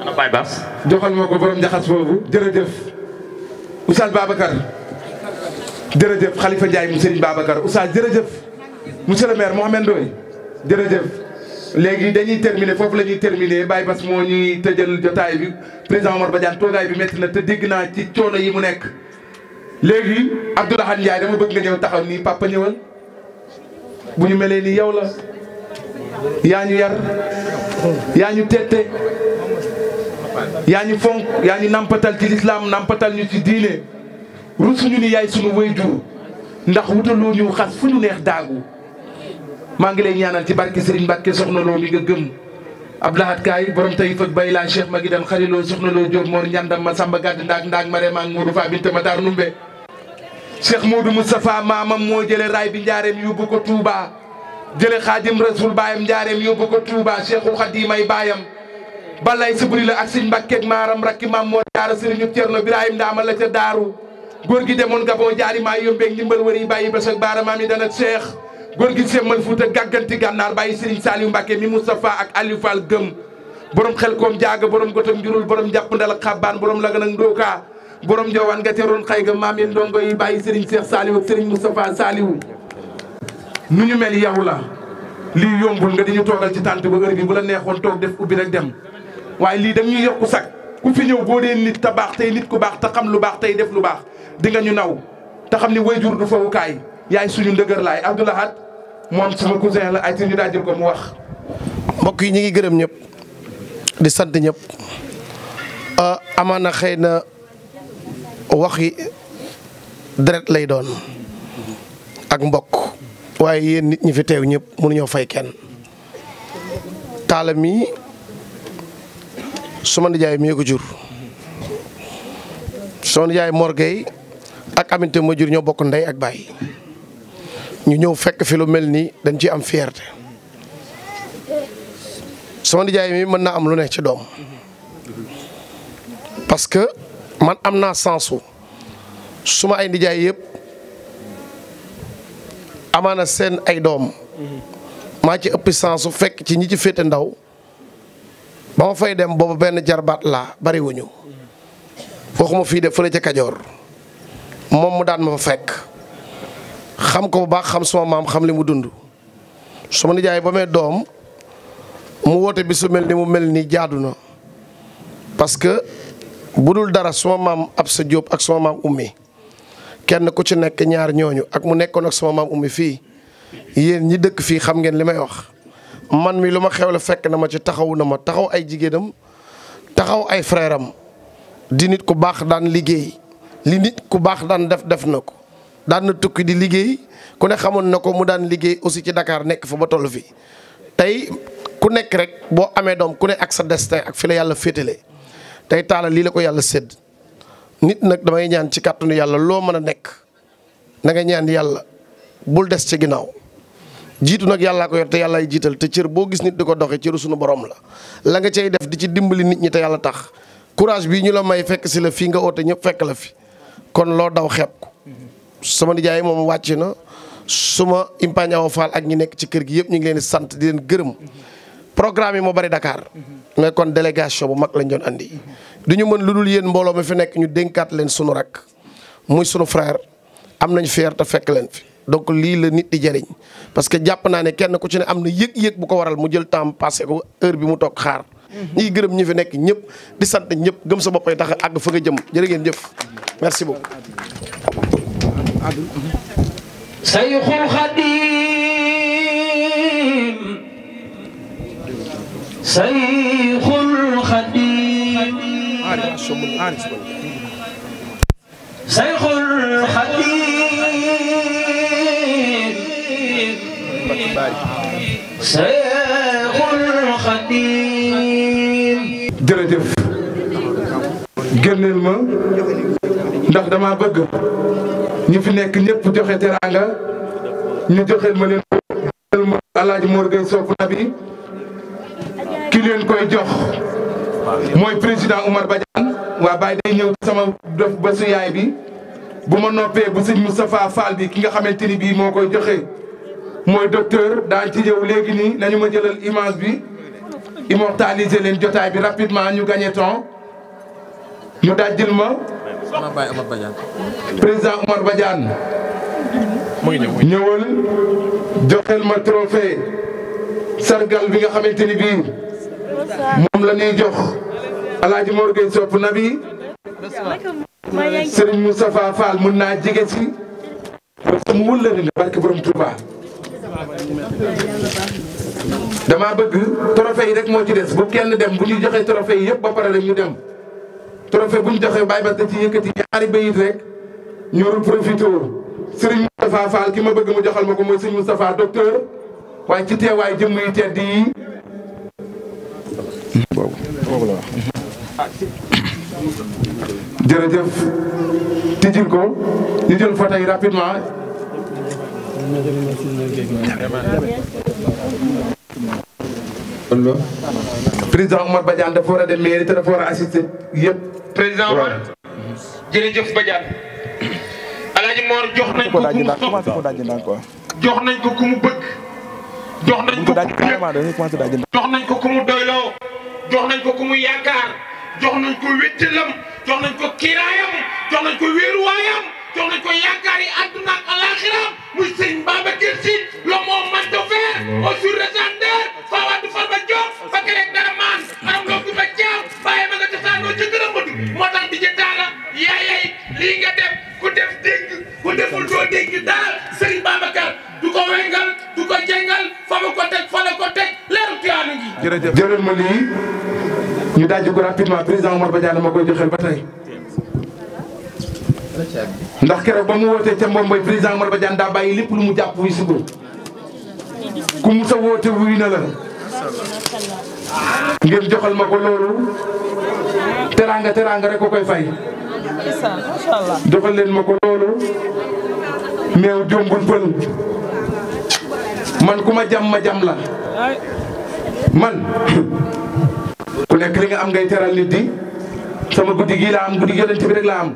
ana Baye Bass. joxal ma ko borom njaxas foofu jërëjëf. Oustaz Babacar. jërëjëf Khalifa Ndiaye mu Serigne Babacar jërëjëf. monsieur le maire Mouhamed Ndoye jërëjëf. léegi dañuy terminer foofu la ñuy terminer Baye Bass moo ñuy tëjal jotaay bi président Omar Badiane toogaay bi metti na te dégg naa ci coono yi mu nekk. léegi Abdou Lahad Ndiaye dama bëgg nga ñëw taxaw nii papa ñëwal bu ñu melee nii yow la yaa ñu yar yaa ñu tette yaa ñu fonk yaa ñu nampatal ci lislaam nampatal ñu ci diine rusuñu ni yaay sunu wayjur ndax wutaloo ñu xas fu ñu neex daagu maa ngi lay ñaanal ci barke Serigne Mbacke soxna loo mi nga gëm Abdou Lahad Kaay borom tey fëg bay laa Cheikh Magui dem xariloo soxna loo Diop Ñandam ma Samba Gàdd ndaag ndaag Marema ak Mourou Fa ma Matar Numbe Cheikh Modou Moustapha maamam moo jële raay bi njaareem yóbbu ko tuuba jële xaadim rasul baayam njaareem yóbbu ko Touba Cheikhul Khadim ay baayam balay sibri la ak sëñ Mbàkke maaram rakki maam moo daara sëriñu Cerno Birahim Ndaama la ca daaru góor gi demoon Gabon jaari maa yombeeg ndimbal wër yi bàyyi basak baara maam yi dana Cheikh góor gi semmal Fuuta gàgganti gànnaar bàyyi sëriñ Saliou Mbàkke mi Moustapha ak Aliou Fall gëm borom xel koom jaaga borom gotam njurul borom jàpp ndal xabbaan borom lagan ak ndookaa borom jowaan nga teroon xay ga maam yi ndongo yi bàyyi Serigne Cheikh Saliou ak Serigne Moustapha Saliou nu ñu mel yow la lii yombul nga di ñu toogal ci tànt ba heure bi bu la neexoon toog def ubbi rek dem waaye lii dañ ñuy yokku sax ku fi ñëw boo dee nit te baax tey nit ku baax te xam lu baax tey def lu baax di nga ñu naw te xam ni wayjur du fawukaay yaay suñu ndëgër laay Abdoulahat moom suma cousin la ay suñu daajël ko mu wax mbokk yi ñu ngi gërëm ñëpp di sant ñëpp ah, amaana xëy na waxi deret lay doon ak mbokk waaye yéen nit ñi fi teew ñëpp mënuñoo fay kenn taala suma nijaay mi ko jur suma nijaay morgay ak aminte ma jur ñoo bokk ndey ak baay ñu ñëw fekk fi mel nii dañ ci am fierté suma nijaay mi mën naa am lu ne ci doom parce man am naa sensu suma ay nijaay yëpp amaana seen ay doom maa ci ëpp sensu fekk ci ñi ci féete ndaw ba ma fay dem boobu benn jarbaat laa bari wuñu waxuma fii de fële ca Kajoor moom mu daan ma fa fekk xam ko bu baax xam suma maam xam li mu dund suma nijaay ba mee doom mu woote bi su mel ni mu mel ni jaadu na bu dul dara suma maam ab sa Diop ak suma maam ummi kenn ku ci nekk ñaar ñooñu ak mu nekkoon ak suma maam ummi fii yéen ñi dëkk fii xam ngeen li may wax man mi lu ma xew fekk na ma ci taxawu na ma taxaw ay jigéenam taxaw ay frère am di nit ku baax daan liggéey li nit ku baax daan def def na ko daan na tukki di liggéey ku ne xamoon na ko mu daan liggéey aussi ci Dakar nekk fa ba toll fi tey ku nekk rek boo amee doom ku ne ak sa destin ak fi la yàlla féetale tey taala lii la ko yàlla sédd nit nag damay ñaan ci kàttanu yàlla loo mën a nekk na nga ñaan yàlla bul des ci ginnaaw jiitu nag yàllaa ko yor te yàllaay jiital te cër boo gis nit di ko doxee cëru sunu borom la. la nga cay def di ci dimbali nit ñi te yàlla tax courage bii ñu la may fekk si la fii nga oote ñëpp fekk la fi kon loo daw xeeb ko sama nijaay moom wàcc na suma impaañaaw faal ak ñi nekk ci kër gi yëpp ñu ngi leen di sant di leen gërëm. programme yi moo bari dakaar mais kon délégation bu mag lañ doon indi du ñu mën lu dul yéen mbooloo mi fi nekk ñu dénkaat leen sunu rak muy sunu frère am nañ fier te fekk leen fi donc lii la nit di jëriñ parce que jàpp naa ne kenn ku ci ne am na yëg-yëg bu ko waral mu jël temps passé ko heure bi mu toog xaar. ñi gërëm ñi fi nekk ñëpp di sant ñëpp gëm sa bopp ay tax a àgg fa nga jëm jërë ngeen jëf merci beaucoup. شيخ الخديم شيخ الخديم شيخ الخديم jërëjëf ma ndax dama bëgg ñu fi nekk ñëpp joxe teranga ñu joxeel ma leen ma Alaaji Mor Gueye Sopp Nabi leen koy jox mooy président Oumar Badiane waa Baye day ñëw sama dof ba bi bu ma noppee bu sëñ Moustapha Fall bi ki nga xamante ni bii moo koy joxe mooy docteur daan ci jëw léegi nii nañu ma jëlal image bi immortaliser leen jotaay bi rapidement ñu gagné temps ñu dajjil ma. président Omar Badiane. ñëwal joxel ma trophée sargal bi nga xamante ni moom la ñuy jox alaaji Mor Gueye sopp nabi sëriñ Moustapha Fall mën naa jege si parce que mu wul la ni nga barke borom Touba dama bëgg trophée yi rek moo ci des bu kenn dem bu ñu joxee trophée yi yëpp ba pare rek ñu dem trophée bu ñu joxee bàyyi ba da ci yëkkati ñaari bayit rek ñoru profité sëriñ Moustapha Fall ki ma bëgg mu joxal ma ko mooy sëriñ Moustapha docteur waaye ci teewaay jëmm yi tedd yi boobu boobu la ko ñu jël photo yi rapidement. président Omar Badiane dafa war a dem mairie te dafa war a assister yëpp. président Omar. jërëjëf Badiane. Alaaji Mor jox nañ ko ku mu sopp jox nañ ko ku mu bëgg. jox nañ ko ku mu jox nañ ko ku mu jox nañ ko ku yaakaar jox nañ ko wéttalam jox nañ ko kiraayam jox nañ ko wéeruwaayam jox nañ ko yaakaar yi àdduna ak alaxiraam muy sëñ Babacar Sy lo moom man de fer au sur de gendarme Fawad Farba Diop ba kereeg dara maan aram loo gu ba jaam bàyyi ma nga tasaanoo ci gërëm moo tax di jëtaala yaayay lii nga def ku def dégg ku deful doo dégg daal Serigne Babacar du ko wengal du ko jengal fa ma ko teg fa la ko teg leeru Tiwaawan ngi. jërëjëf ma ko rapidement président Omar Badiane ma joxeel ba tey. ndax keroog ba mu wootee ca président Omar Badiane lépp lu mu jàpp si ko ku joxal ma ko loolu. teraanga teraanga rek ko koy fay. defal ma ko loolu meew jombul pël man ku ma jàmm ma jàmm la man (laughs) ku lekk li nga am ngay teral nit di sama guddi gii laa am guddi yonent bi am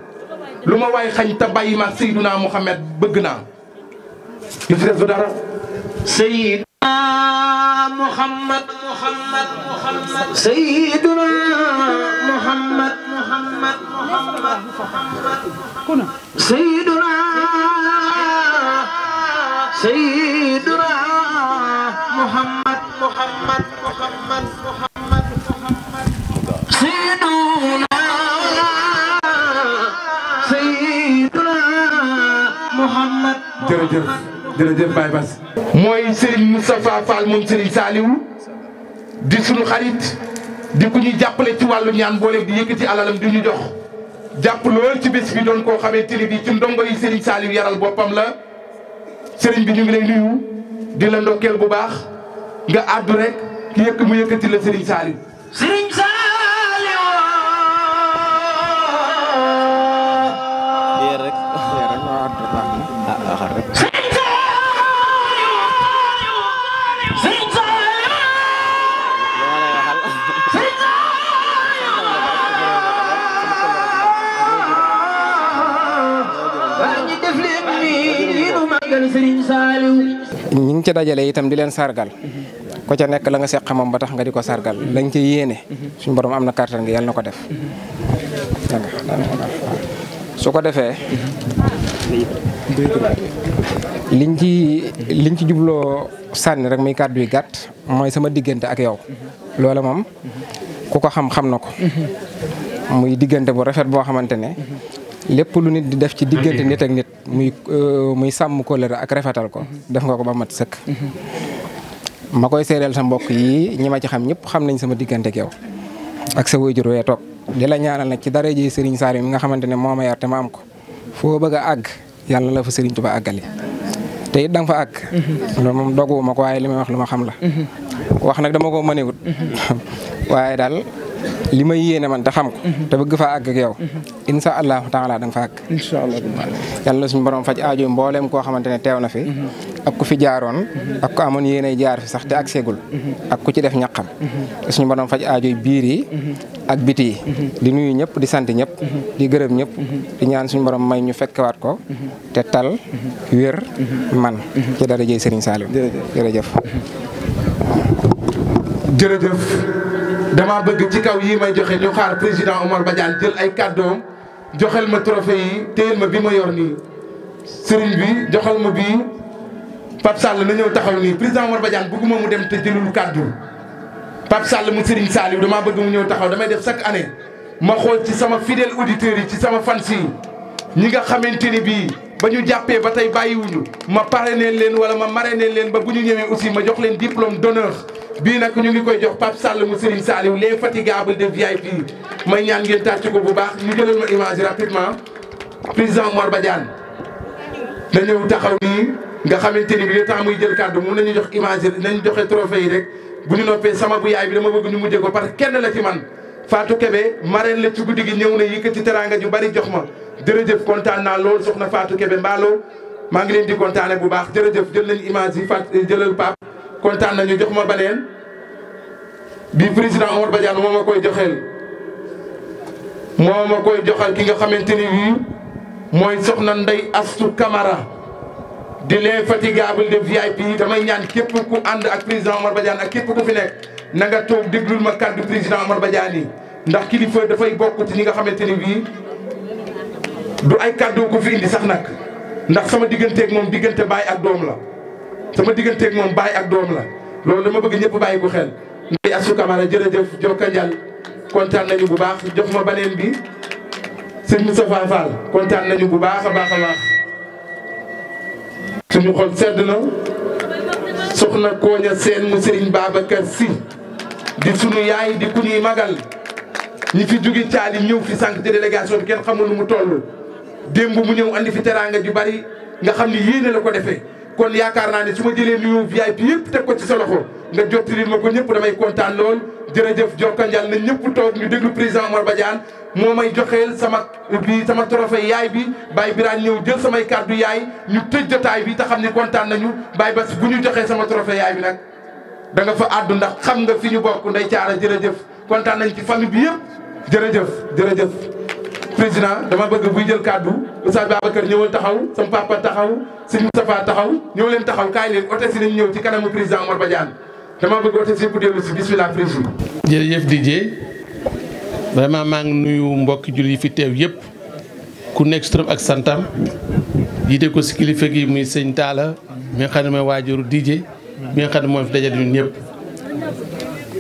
lu ma waay xañ ta bàyyi ma Seydina Muhammad bëgg naa li ci des dara Seydina Muhammad Muhammad سيدنا سيدنا محمد محمد محمد محمد سيدنا سيدنا محمد جرجر jërëjëf Baye Bass mooy Serigne Moustapha Fall moom Serigne Saliou di sunu xarit di ku ñuy jàppale ci wàllu ñaan boole di yëkkati alalam di ñu jox jàpp lool ci bés bi doon koo xamante ni bii ci ndongo yi Serigne Saliou yaral boppam la Serigne bi ñu ngi leen nuyu di la ndokkeel bu baax nga àddu rek ki yëkk mu yëkkati la Serigne Saliou. Serigne Saliou ñi ngi ci dajale itam di leen sargal ko ca nekk la nga seq moom ba tax nga di ko sargal lañ ci yéene suñu borom am na kàttan gi yàlla na ko def su ko defee liñ ci liñ ci jubloo sànni rek muy kàddu yi gàtt mooy sama diggante ak yow loola moom ku ko xam xam na ko muy diggante bu rafet boo xamante ne lépp lu nit di def ci diggante nit ak nit muy euh, muy sàmm kóllëre ak rafetal ko mhm. def nga ko ba mat sëkk mhm. ma koy seereel sa mbokk yi ñi ma ci xam ñëpp xam nañ sama diggante ak yow ak sa waajur wee toog di la ñaanal nag ci dara ji Serigne Saliou mi nga xamante ne moo ma yar te ma am ko foo bëgg a àgg yàlla la fa Serigne Touba àggali te it da nga fa àgg. Mhm. loolu moom ko waaye li may wax lu ma xam la. wax nag dama ko mënewut (laughs) waaye daal li may yéene man te xam ko. Mhm. te bëgg faa àgg ak yow. Mhm. incha allahu taala da nga fa àgg. incha allah yàlla na suñu borom faj aajo mbooleem koo xamante ne teew na fi. Mhm. ak ku fi jaaroon. ak ku amoon yéenay jaar fi sax te ak seegul. ak ku ci def ñaqam. suñu borom faj aajo biir yi. ak biti yi. di nuyu ñëpp di sant ñëpp. di gërëm ñëpp. di ñaan suñ borom may ñu fekkewaat ko. te tal wér man. ci dara jëy Serigne Saliou. jërëjëf jërëjëf. dama bëgg ci kaw yii may joxe ñu xaar président Omar Badiane jël ay kàddoom joxel ma trophée yi téyel ma bi ma yor nii sëriñ bi joxal ma bii Pape Sall na ñëw taxaw nii président Omar Badiane bëgguma mu dem te jëlul kàddu Pape Sall mu sëriñ Saliou damaa bëgg mu ñëw taxaw damay def chaque année ma xool ci sama fidèle auditeurs yi ci sama fans yi ñi nga xamante ni bii ba ñu jàppee ba tey bàyyiwuñu ma parrainé leen wala ma mare ne leen ba bu ñu ñëwee aussi ma jox leen diplôme d'honneur bii nag ñu ngi koy jox Pape Sall mu Serigne Saliou les fatigables de VIP may ñaan ngeen tàcc ko bu baax ñu jëlal ma image rapidement président Mor Badiane na ñëw taxaw nii nga xamante ni bi le muy jël kàddu mun nañu jox image nañ joxe trophée yi rek bu ñu noppee sama bu yaay bi dama bëgg ñu mujjee ko parce que kenn la ci man Fatou Kébé marraine la ci guddi gi ñëw na yëkkati teraanga ju bari jox ma jërëjëf kontaan naa lool na faatu Kébé Mballo maa ngi leen di kontaane bu baax jërëjëf jël nañu image yi Fatou jëlal Pape kontaan nañu jox ma baneen bi président Omar Badiane moo ma koy joxeel moo ma koy joxal ki nga xamante ni bii mooy soxna Ndey Astu Camara di l'infatigable de VIP damay ñaan képp ku ànd ak président Omar Badiane ak képp ku fi nekk na nga déglul ma kàddu président Omar Badiane yi ndax kilifa dafay bokk ci ñi nga xamante ni bii du ay kàddu ku fi indi sax nag ndax sama digganteeg moom diggante baay ak doom la sama digganteeg moom baay ak doom la loolu dama bëgg ñëpp bàyyi ko xel. su Assou Camara jërëjëf Joka Njal kontaan nañu bu baax jox ma baneen bi sëñ Moustapha Fall kontaan nañu bu baax a baax a baax. suñu xol sedd na soxna Koña seen mu Serigne Babacar Sy di sunu yaay di ku ñuy magal ñi fi jóge caali ñëw fi sànq ci délégation bi kenn xamul nu mu toll démb mu ñëw andi fi teraanga ju bari nga xam ni yéene la ko defee. kon yaakaar naa ne su ma jëlee nuyu VIP yëpp teg ko ci sa loxo nga jottali ma ko ñëpp damay kontaan lool jërëjëf jokkanjal na ñëpp toog ñu déglu président Omar Badiane moo may joxeel sama bi sama trophée yaay bi Baye Birane ñëw jël samay kàddu yaay ñu tëj jotaay bi te xam ne kontaan nañu Baye Bass bu ñu joxee sama trophée yaay bi nag da fa àddu ndax xam nga fi ñu bokk nday caara jërëjëf kontaan nañ ci famille bi yëpp jërëjëf jërëjëf président dama bëgg buy jël kàddu Oustaz Babacar ñëwal taxaw sama papa taxaw sëñ Moustapha taxaw ñëw leen taxaw kaay leen ote si nañu ñëw ci kanamu président Omar Badiane dama bëgg ote si bu dellu si bismillah président. jërëjëf Didier vraiment maa ngi nuyu mbokki jullit yi fi teew yëpp nekk si ak santam jiite ko si kilifa gi muy sëñ Talla mi nga xam ne mooy waajuru Didier mi nga xam ne mooy fi dajale ñun ñëpp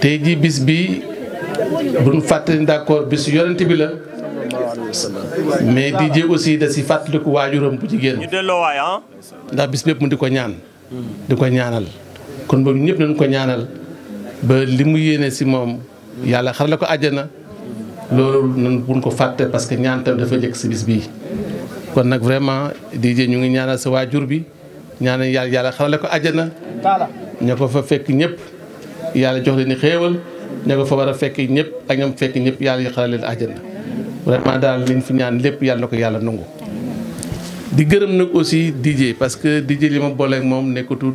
tey jii bis bi buñ fàttali d'accord bisu yonent bi la. mais di jéeg aussi da si fàttaliku waajuram bu jigéen. ñu delloo waay ah. ndax bis bépp mu di ko ñaan. di ko ñaanal. kon boobu ñëpp nañu ko ñaanal ba li mu yéene si moom. yàlla xarala ko àjjana. loolu buñ ko fàtte parce que ñaan tam dafa jëkk kon nag vraiment di jéeg ñu ngi ñaanal sa waajur bi ñaanal yàlla yàlla xarala ko àjjana. ña ko fa fekk ñëpp. yàlla jox leen ni xéewal ña ko fa war a fekk ñëpp ak ñoom fekk ñëpp yàlla yu xarale leen àjjana. vraiment daal liñ fi ñaan lépp yàlla na ko yàlla nangu. di gërëm nag aussi DJ parce que DJ li ma booleeg moom nekkatul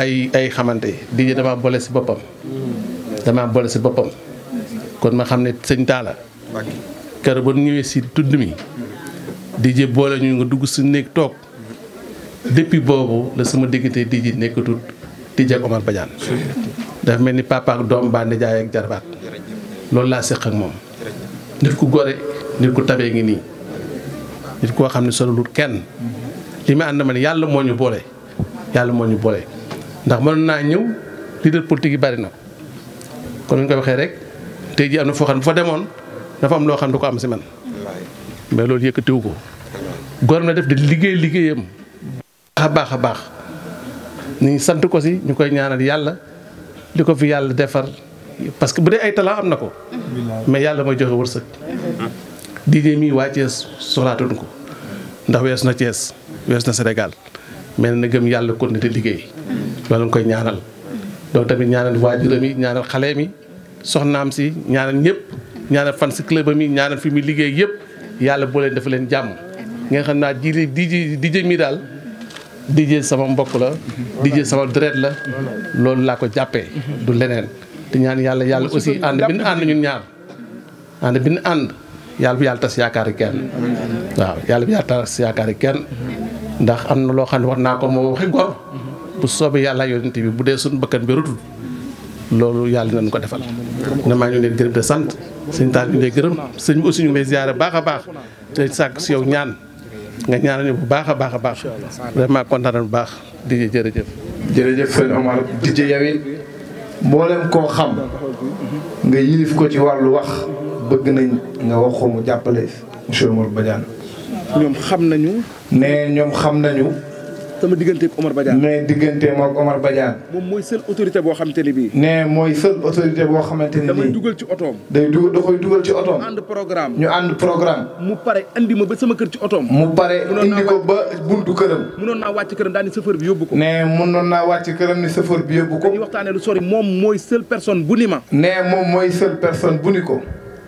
ay ay xamante DJ damaa boole si boppam. damaa boole si boppam. kon ma xam ne sëñ Talla. keroog ba ñëwee si tudd mi. DJ boole ñu nga dugg si néeg toog. depuis boobu la sama diggante DJ nekkatul DJ ak Omar Badiane. dafa mel ni papa doom baa nijaay ak jarbaat. loolu laa seq ak moom. nit ku gore nit ku tabee ngi nii nit koo xam ne sonalul kenn li ma ànd ma yàlla moo ñu boole yàlla moo ñu boole ndax mënoon naa ñëw leader politique yi bari na kon ñu koy waxee rek tey jii am na foo xam ne bu fa demoon dafa am loo xam ne du ko am si man mais loolu yëkkatiwu ko góor na def di liggéey liggéeyam baax a baax a baax ñu sant ko si ñu koy ñaanal yàlla li ko fi yàlla defar parce que bu dee ay talent am na ko. mais yàlla mooy joxe wërsëg. DJ mii waa Thiès soxlaatuñ ko ndax weesu na Thiès weesu na senegal mel na gëm yàlla kon te liggéey loolu nga koy ñaanal. donc tamit ñaanal waajuram yi ñaanal xale mi soxnaam si ñaanal ñëpp ñaanal fan si club mi ñaanal fi muy liggéey yëpp yàlla boo leen dafa leen jàmm. nga xam naa ji DJ DJ mii daal. DJ sama mbokk la DJ sama deret la loolu laa ko jàppee du leneen te ñaan yàlla yàlla aussi ànd bi ñu ànd ñun ñaar ànd bi ñu ànd yàlla bu yàlla tas yaakaar yi kenn waaw yàlla bu yàlla tas yaakaar kenn ndax am na loo xam ne wax naa ko moom waxi gor bu soobee yàlla yonent bi bu dee suñ bëkkan bi loolu yàlla nañ ko defal vraiment ñu ngi leen gërëm de sant suñ taal ñu ngi lay gërëm sëñ bi aussi ñu ngi lay baax a baax te sàkk si yow ñaan nga ñaanal ñu bu baax a baax a baax vraiment kontaan bu baax di jërëjëf jërëjëf sëñ mboolem koo xam nga yilif ko ci wàllu wax bëgg nañ nga wax ko mu jàppale monsieur Mor Badiane. ñoom xam nañu. ne ñoom xam nañu. sama diggante Omar Badiane. ne diggante moom Omar Badiane. moom mooy seul autorité boo xamante ni bii. ne mooy seul autorité boo xamante ni bii. dugal ci otoom. day dugal dugal ci otoom. ñu ànd programme ñu ànd programme. mu pare indi ma ba sama kër ci otoom. mu pare indi ko ba buntu këram. munoon naa wàcc këram daal ni chauffeur bi yóbbu ko. ne munoon naa wàcc këram ni chauffeur bi yóbbu ko. dañuy waxtaanee lu sori moom mooy seul persone bu ni ma. ne moom mooy seul persone bu ni ko.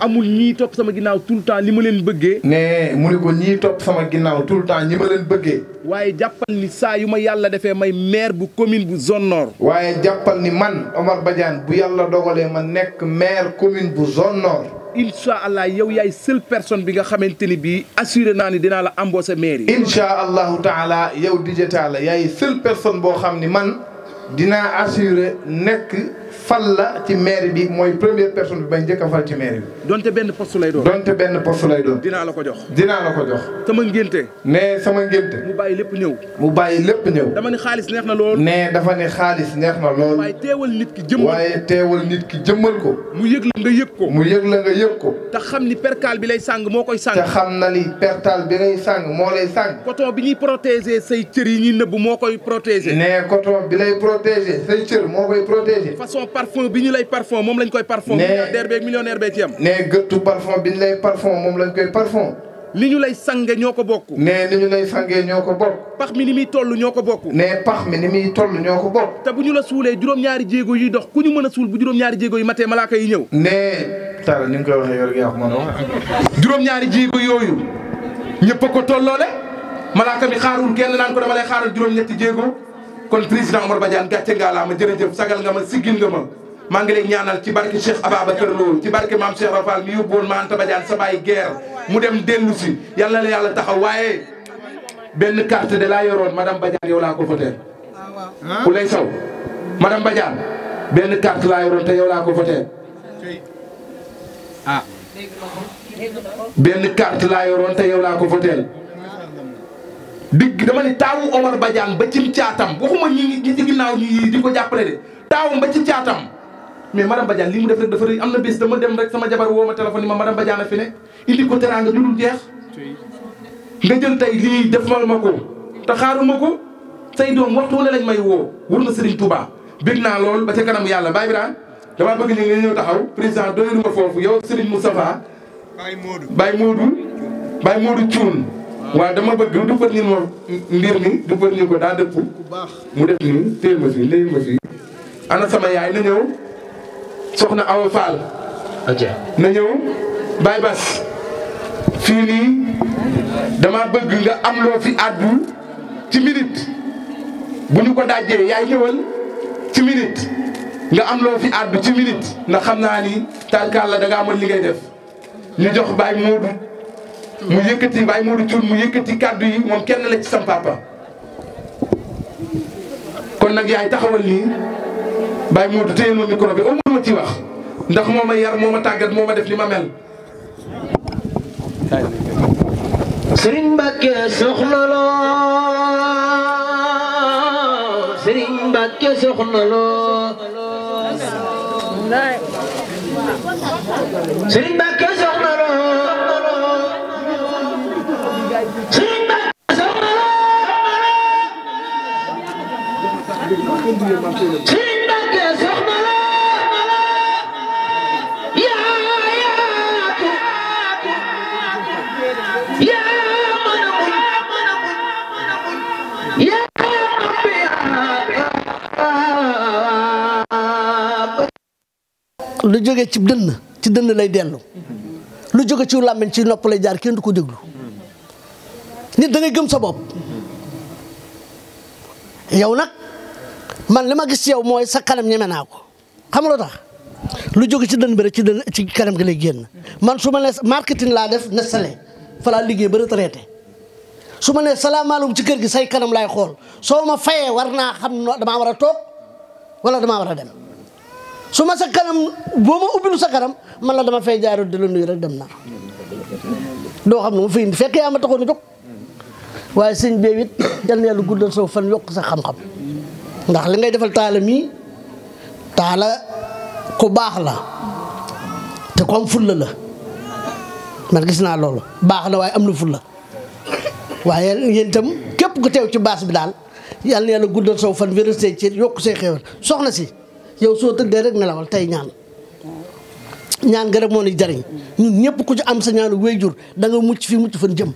amul ñii topp sama ginnaaw tout le temps li ma leen bëggee. nee mu ne ko ñii topp sama ginnaaw tout le temps ñi ma bëggee. waaye jàppal ni saa yu ma yàlla defee may maire bu commune bu zone nord. waaye jàppal ni man Omar Badiane bu yàlla dogalee ma nekk maire commune bu zone nord. allah yow yaay seule personne bi nga xamante ni bi assuré naa ni dinaa la embaucher maire yi. incha allahu taala yow DJ Talla yaay seule personne boo xam ni man dinaa assuré nekk fal la ci maire bi mooy première personne bi bay ci maire bi. donte benn post lay doon. donte benn poste lay doon. dinaa la ko jox. dinaa la ko jox. sama ngénte. ne sama ngénte. mu bàyyi lépp ñëw. mu bàyyi lépp ñëw. dama ne xaalis neex na lool. ne dafa ne xaalis neex na lool. waaye teewal nit ki jëmmal ko waaye teewal nit ki jëmmal ko. mu yëg la nga yëg ko. mu yëg la yëg ko. te xam ni percal bi lay sàng moo koy sàng. te xam na ni percal bi lay sàng moo lay sàng. coton bi ñuy protéger say cër yi ñuy nëbb moo koy protégé ne coton bi lay protéger say cër moo koy protéger. façon parfum bi ñu lay parfum moom lañ koy parfum millionnaire beeg millionnaire ne gëttu parfum bi ñu lay parfum moom lañ koy parfum. li ñu lay sange ñoo ko bokk. ne li ñu lay sangee ñoo ko bokk. pax mi ni muy toll ñoo ko bokk. ne pax mi ni muy toll ñoo ko bokk. te bu ñu la suulee juróom-ñaari jéego yi dox ku ñu mën a suul bu juróom-ñaari jéego yi matee malaaka yi ñëw. ne Talla ni nga koy waxee yor yaa ko mën a ñaari jéego yooyu ñëpp a ko tolloole malaaka mi xaarul kenn naan ko dama lay xaaral juróom-ñetti jéego kon président Omar Badiane gàcce ngaa laa ma jërëjëf sagal nga ma siggil nga ma. maa ngi lay ñaanal ci barke Cheikh Ababacar loolu ci barke maam Cheikh Rafal mi yóbbuwoon maam Tabadiane sa baay guerre mu dem dellusi si yàlla la yàlla taxaw waaye benn carte de laa yoroon madame Badiane yow lay saw madame Badiane benn carte laa yoroon te yow laa ko ah. benn carte laa yoroon te yow laa ko digg dama ni taawu Omar Badiane ba cim caatam waxuma ñi ngi ci ginnaaw ñi di ko jàppale de taawum ba ci caatam. mais madame Badiane li mu def rek dafa rëy am na bés dama dem rek sama jabar woo ma téléphone ni ma madame Badiane a fi ne indi ko teraanga ju dul jeex nga jël tey lii defal ma ko te xaaruma ko say doom waxtu wala lañ may woo wur na Serigne Touba bég naa lool ba ca kanam yàlla Baye Birane damaa bëgg ni nga taxaw président doylu ma foofu yow Serigne Moustapha Baye Modou Baye Modou Baye Modou Thioune waaw dama bëgg du fët ni ma mbir mi daa dëpp mu def nii ana sama yaay na ñëw soxna Awa Fall. na ñëw Baye Bass fii nii dama bëgg nga am loo fi àddu ci minute bu ñu ko dajjee yaay ñëwal ci minute nga am loo fi àddu ci minute ndax xam naa ni tànkaal la da ngaa mën li ngay def ñu jox Baye Modou mu yëkkati Baye Modou Thioune mu yëkkati kàddu yi moom kenn la ci sam papa kon nag yaay taxawal nii. Baye Modou wax ndax moo ma yar moo ma tàggat moo ma def ma mel. jógee ci dënn ci dënn lay dellu lu jóge ci làmmiñ ci nopp lay jaar kenn du ko déglu nit da sa bopp yow nag man li ma gis mooy sa kanam ñeme xam nga lu lu jóge ci dënn bi rek ci dënn ci kanam gi lay génn man su ma nee marketing laa def ne sale liggéey ba retraité su ma nee salaamaaleykum ci kër gi say kanam laay xool soo ma fayee war naa xam damaa war a toog wala damaa war a dem su ma sa kanam boo ma ubbilu sa kanam man la dama fay jaarul di la nuyu rek dem na doo xam ne mu fi indi fekk yaa ma taxoon a jóg waaye sëñ bee it yal na yàlla guddal sa fan yokk sa xam-xam ndax li ngay defal taala mii taala ku baax la te ku am fulla la man gis naa loolu baax na waaye am na fulla waaye yéen itam képp ku teew ci baas bi daal yal na yàlla saw fan wéral say ci yokk say soxna si yow soo tëddee rek nelawal tey ñaan ñaan garab moo ni jariñ ñun ñëpp ku ci am sa ñaanu waajur da mucc fi mucc fan jëm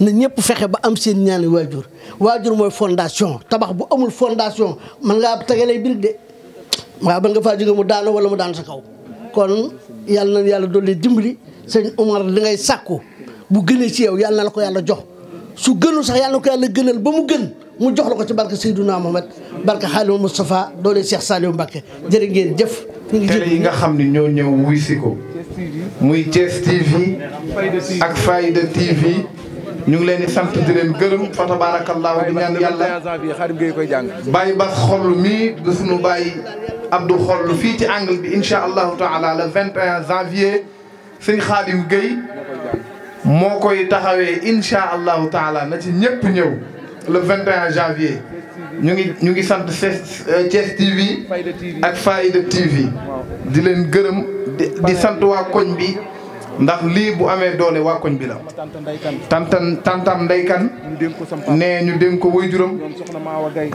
na ñëpp fexe ba am seen ñaani waajur waajur mooy fondation tabax bu amul fondation man ngaa tegalee birig de waaw man nga faa jóge mu daanu wala mu daan sa kaw kon yàlla na yàlla dolli dimbali sëñ Omar li ngay sàkku bu gënee ci yow yàlla na la ko yàlla jox su gënu sax yàlla na ko yàlla gënal ba mu gën mu jox la ko ci barke Seydouna Mohamed barke Xaalimu Moustapha doole Cheikh Saliou Mbacké jërë ngeen jëf. ñu ngi télé yi nga xam ne ñoo ñëw wuy si ko muy Thiès TV ak Fayda TV ñu ngi leen di sant di leen gërëm fa tabaarakallaahu di ñaan yàlla bàyyi bas xol mii du suñu bàyyi Abdou xol fii ci angle bi incha allahu taala le 21 janvier sëñ Xaadim Gueye moo koy taxawee insha allahu taala na ci ñëpp ñëw le 21 janvier ñu ngi ñu ngi sant euh, Thiès TV ak Fayda TV di leen gërëm di sant waa koñ bi ndax lii bu amee doole waa koñ bi la tantan tantam ndeykan ne ñu dénk ko way juram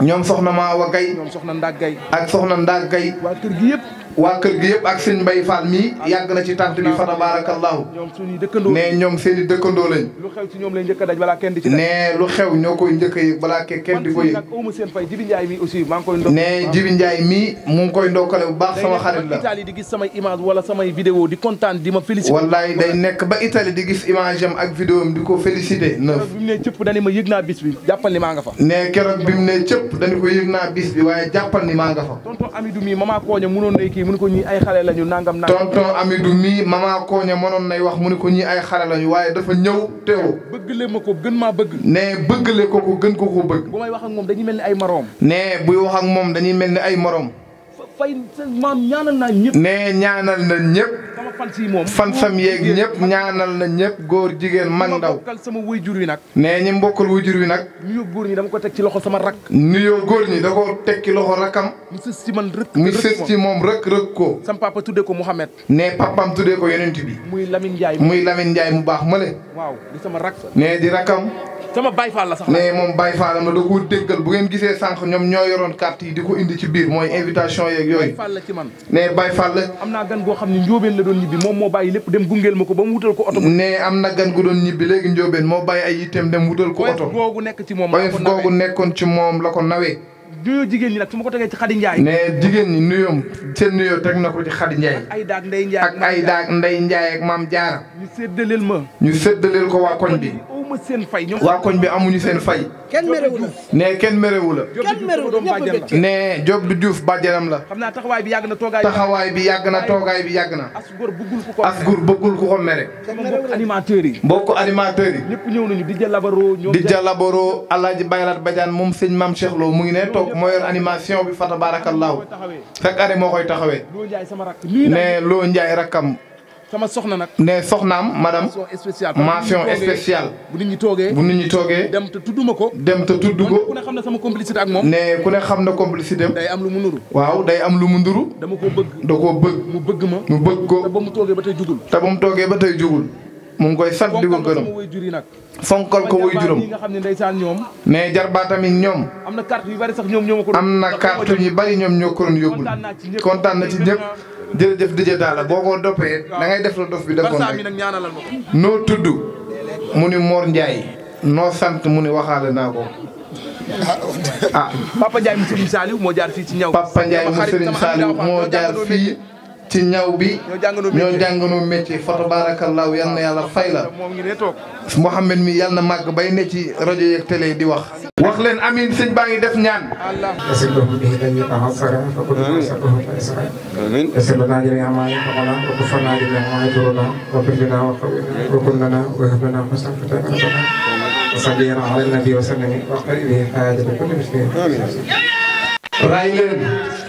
ñoom soxna Maawa Gay ak soxna Ndaa Gay waa kër gi waa kër gi yëpp ak sëñ Mbay Fall mii yàgg na ci tànt bi fa tabaarakallaahu ne ñoom seen i dëkkandoo lañ lu xew ci ñoom di ci ne lu xew ñoo koy njëkk a yëg balaa kenn di ko koy ne Jibi Njaay mii mu sama xarit la Italie di gis samay image wala samay vidéo di kontaan di ma félicité wallaay day nekk ba Italie di gis image am di ko félicité neuf bi mu ma yëg naa bi jàppal ni maa nga fa ne keroog bi mu ne cëpp dañu ko yëg naa bis bi waaye jàppal ni maa nga fa kii mu ne ko ñii ay xale lañu nangam nangam. tonton du mii maman Koña mënoon nay wax mu ne ko ñii ay xale lañu waaye dafa ñëw bëgg bëggale ma ko gën maa bëgg. nee bëgg bëggale ko ko gën ko ko bëgg. bu may wax ak moom dañuy mel ni ay moroom. nee buy wax ak moom dañuy mel ni ay moroom. fay maam ñaanal naa nee ñaanal na ñëpp. sama fan si moom fansam yeeg ñëpp ñaanal na ñëpp góor jigéen mag ndaw. sama waajur wi nag. nee ñi mbokkal waajur wi nag. nuyoo góor ñi dama ko teg ci loxo sama rak. nuyoo góor ñi da ko teg ci loxo rakam. mu sës ci man rëkk mu sës ci moom rëkk rëkk ko. sam papa tuddee ko Mouhamed. nee papaam tuddee ko yonent bi. muy Lamine Ndiaye muy Lamine Ndiaye mu baax ma le. nee di rakam. sama Baye Fall la sax ne moom Baye Fall la da koo déggal bu ngeen gisee sànq ñoom ñoo yoroon carte yi di ko indi ci biir mooy invitation yeeg yooyu. Baye Fall la ci man ne Baye Fall la. am naa gan goo xam ne njóobeen la doon ñibbi moom moo bàyyi lépp dem gungeel ma ko ba mu wutal ko oto. ne am na gan gu doon ñibbi léegi njóobeen moo bàyyi ay yitteem dem wutal ko oto. boobu nekk ci moom la ko nekkoon ci moom la ko nawee. nuyoo jigéen ñi nag su ma ko tegee ci Khady Ndiaye. jigéen ñi nuyoo teg na ko ci Khady Ndiaye. ak Ayda ak Ndeye Ndiaye ak Ayda ak Ndeye Ndiaye ak maam Diarra. ñu séddaleel ma. ñu séddaleel ko waa koñ bi. amuñu fay ñoom. waa koñ bi amuñu seen fay. kenn merewu la. ne kenn merewu la. kenn merewu la ñëpp a ne Diop du Diouf bàjjanam la. xam naa taxawaay bi yàgg na toogaay bi. taxawaay bi yàgg na toogaay bi yàgg na. as góor bëggul ku ko mere as góor ko mere. mbokk yi. mbokk animateurs yi. ñëpp ñëw nañu di Jalabaro. ñoom di Jalabaro Alaaji Bayrat Badiane moom sëñ Maam Cheikh mu ngi ne toog moo animation bi fa tabaarakallaahu chaque année moo koy taxawee. ne Lo Ndiaye rakkam. sama soxna nag ne soxnaam madame mention spéciale bu nit ñi toogee bu nit ñi toogee dem te tudd ma ko dem te tudd ko ku ne xam na sama complicité ak moom ne ku ne xam na complicité day am lu mu nuru waaw day am lu mu nduru dama koo bëgg da koo bëgg mu bëgg ma mu bëgg ko te ba mu toogee ba tey jugul te ba mu toogee ba tey jugul mu ngi koy sant di ko gërëm fonkal ko way juróom mais jarbaa tamit ñoom am na carte yu bari sax ñoom ñoo am na carte yu bari ñoom ñoo ko doon yóbbul kontaan na ci ñëpp jërëjëf dijë daala boo ko doppee da ngay def la dof bi defoon rek noo tudd mu ni Mor njaay noo sant mu ni waxaale naa ko ah Papa mu Serigne Saliou moo jaar fii ci ñaw Papa Ndiaye mu Serigne Saliou moo jaar fii ci ñaw bi ñoo jànganoo métier fa tabaarakallaahu yal na yàlla fay la Mouhamed mi yal na màgg bay ne ci rajo yeeg télé di wax wax leen amin sëñ baa ngi def ñaan asillahu bihi lan yatahassara faqul asallahu taysara amin asilana jami'a ma yaqana wa kufana jami'a ma yaduruna wa bidina wa qawina wa kullana wa hablana husna fatana وصلينا على النبي وسلم وقال به حاجة كل مسلم آمين رأي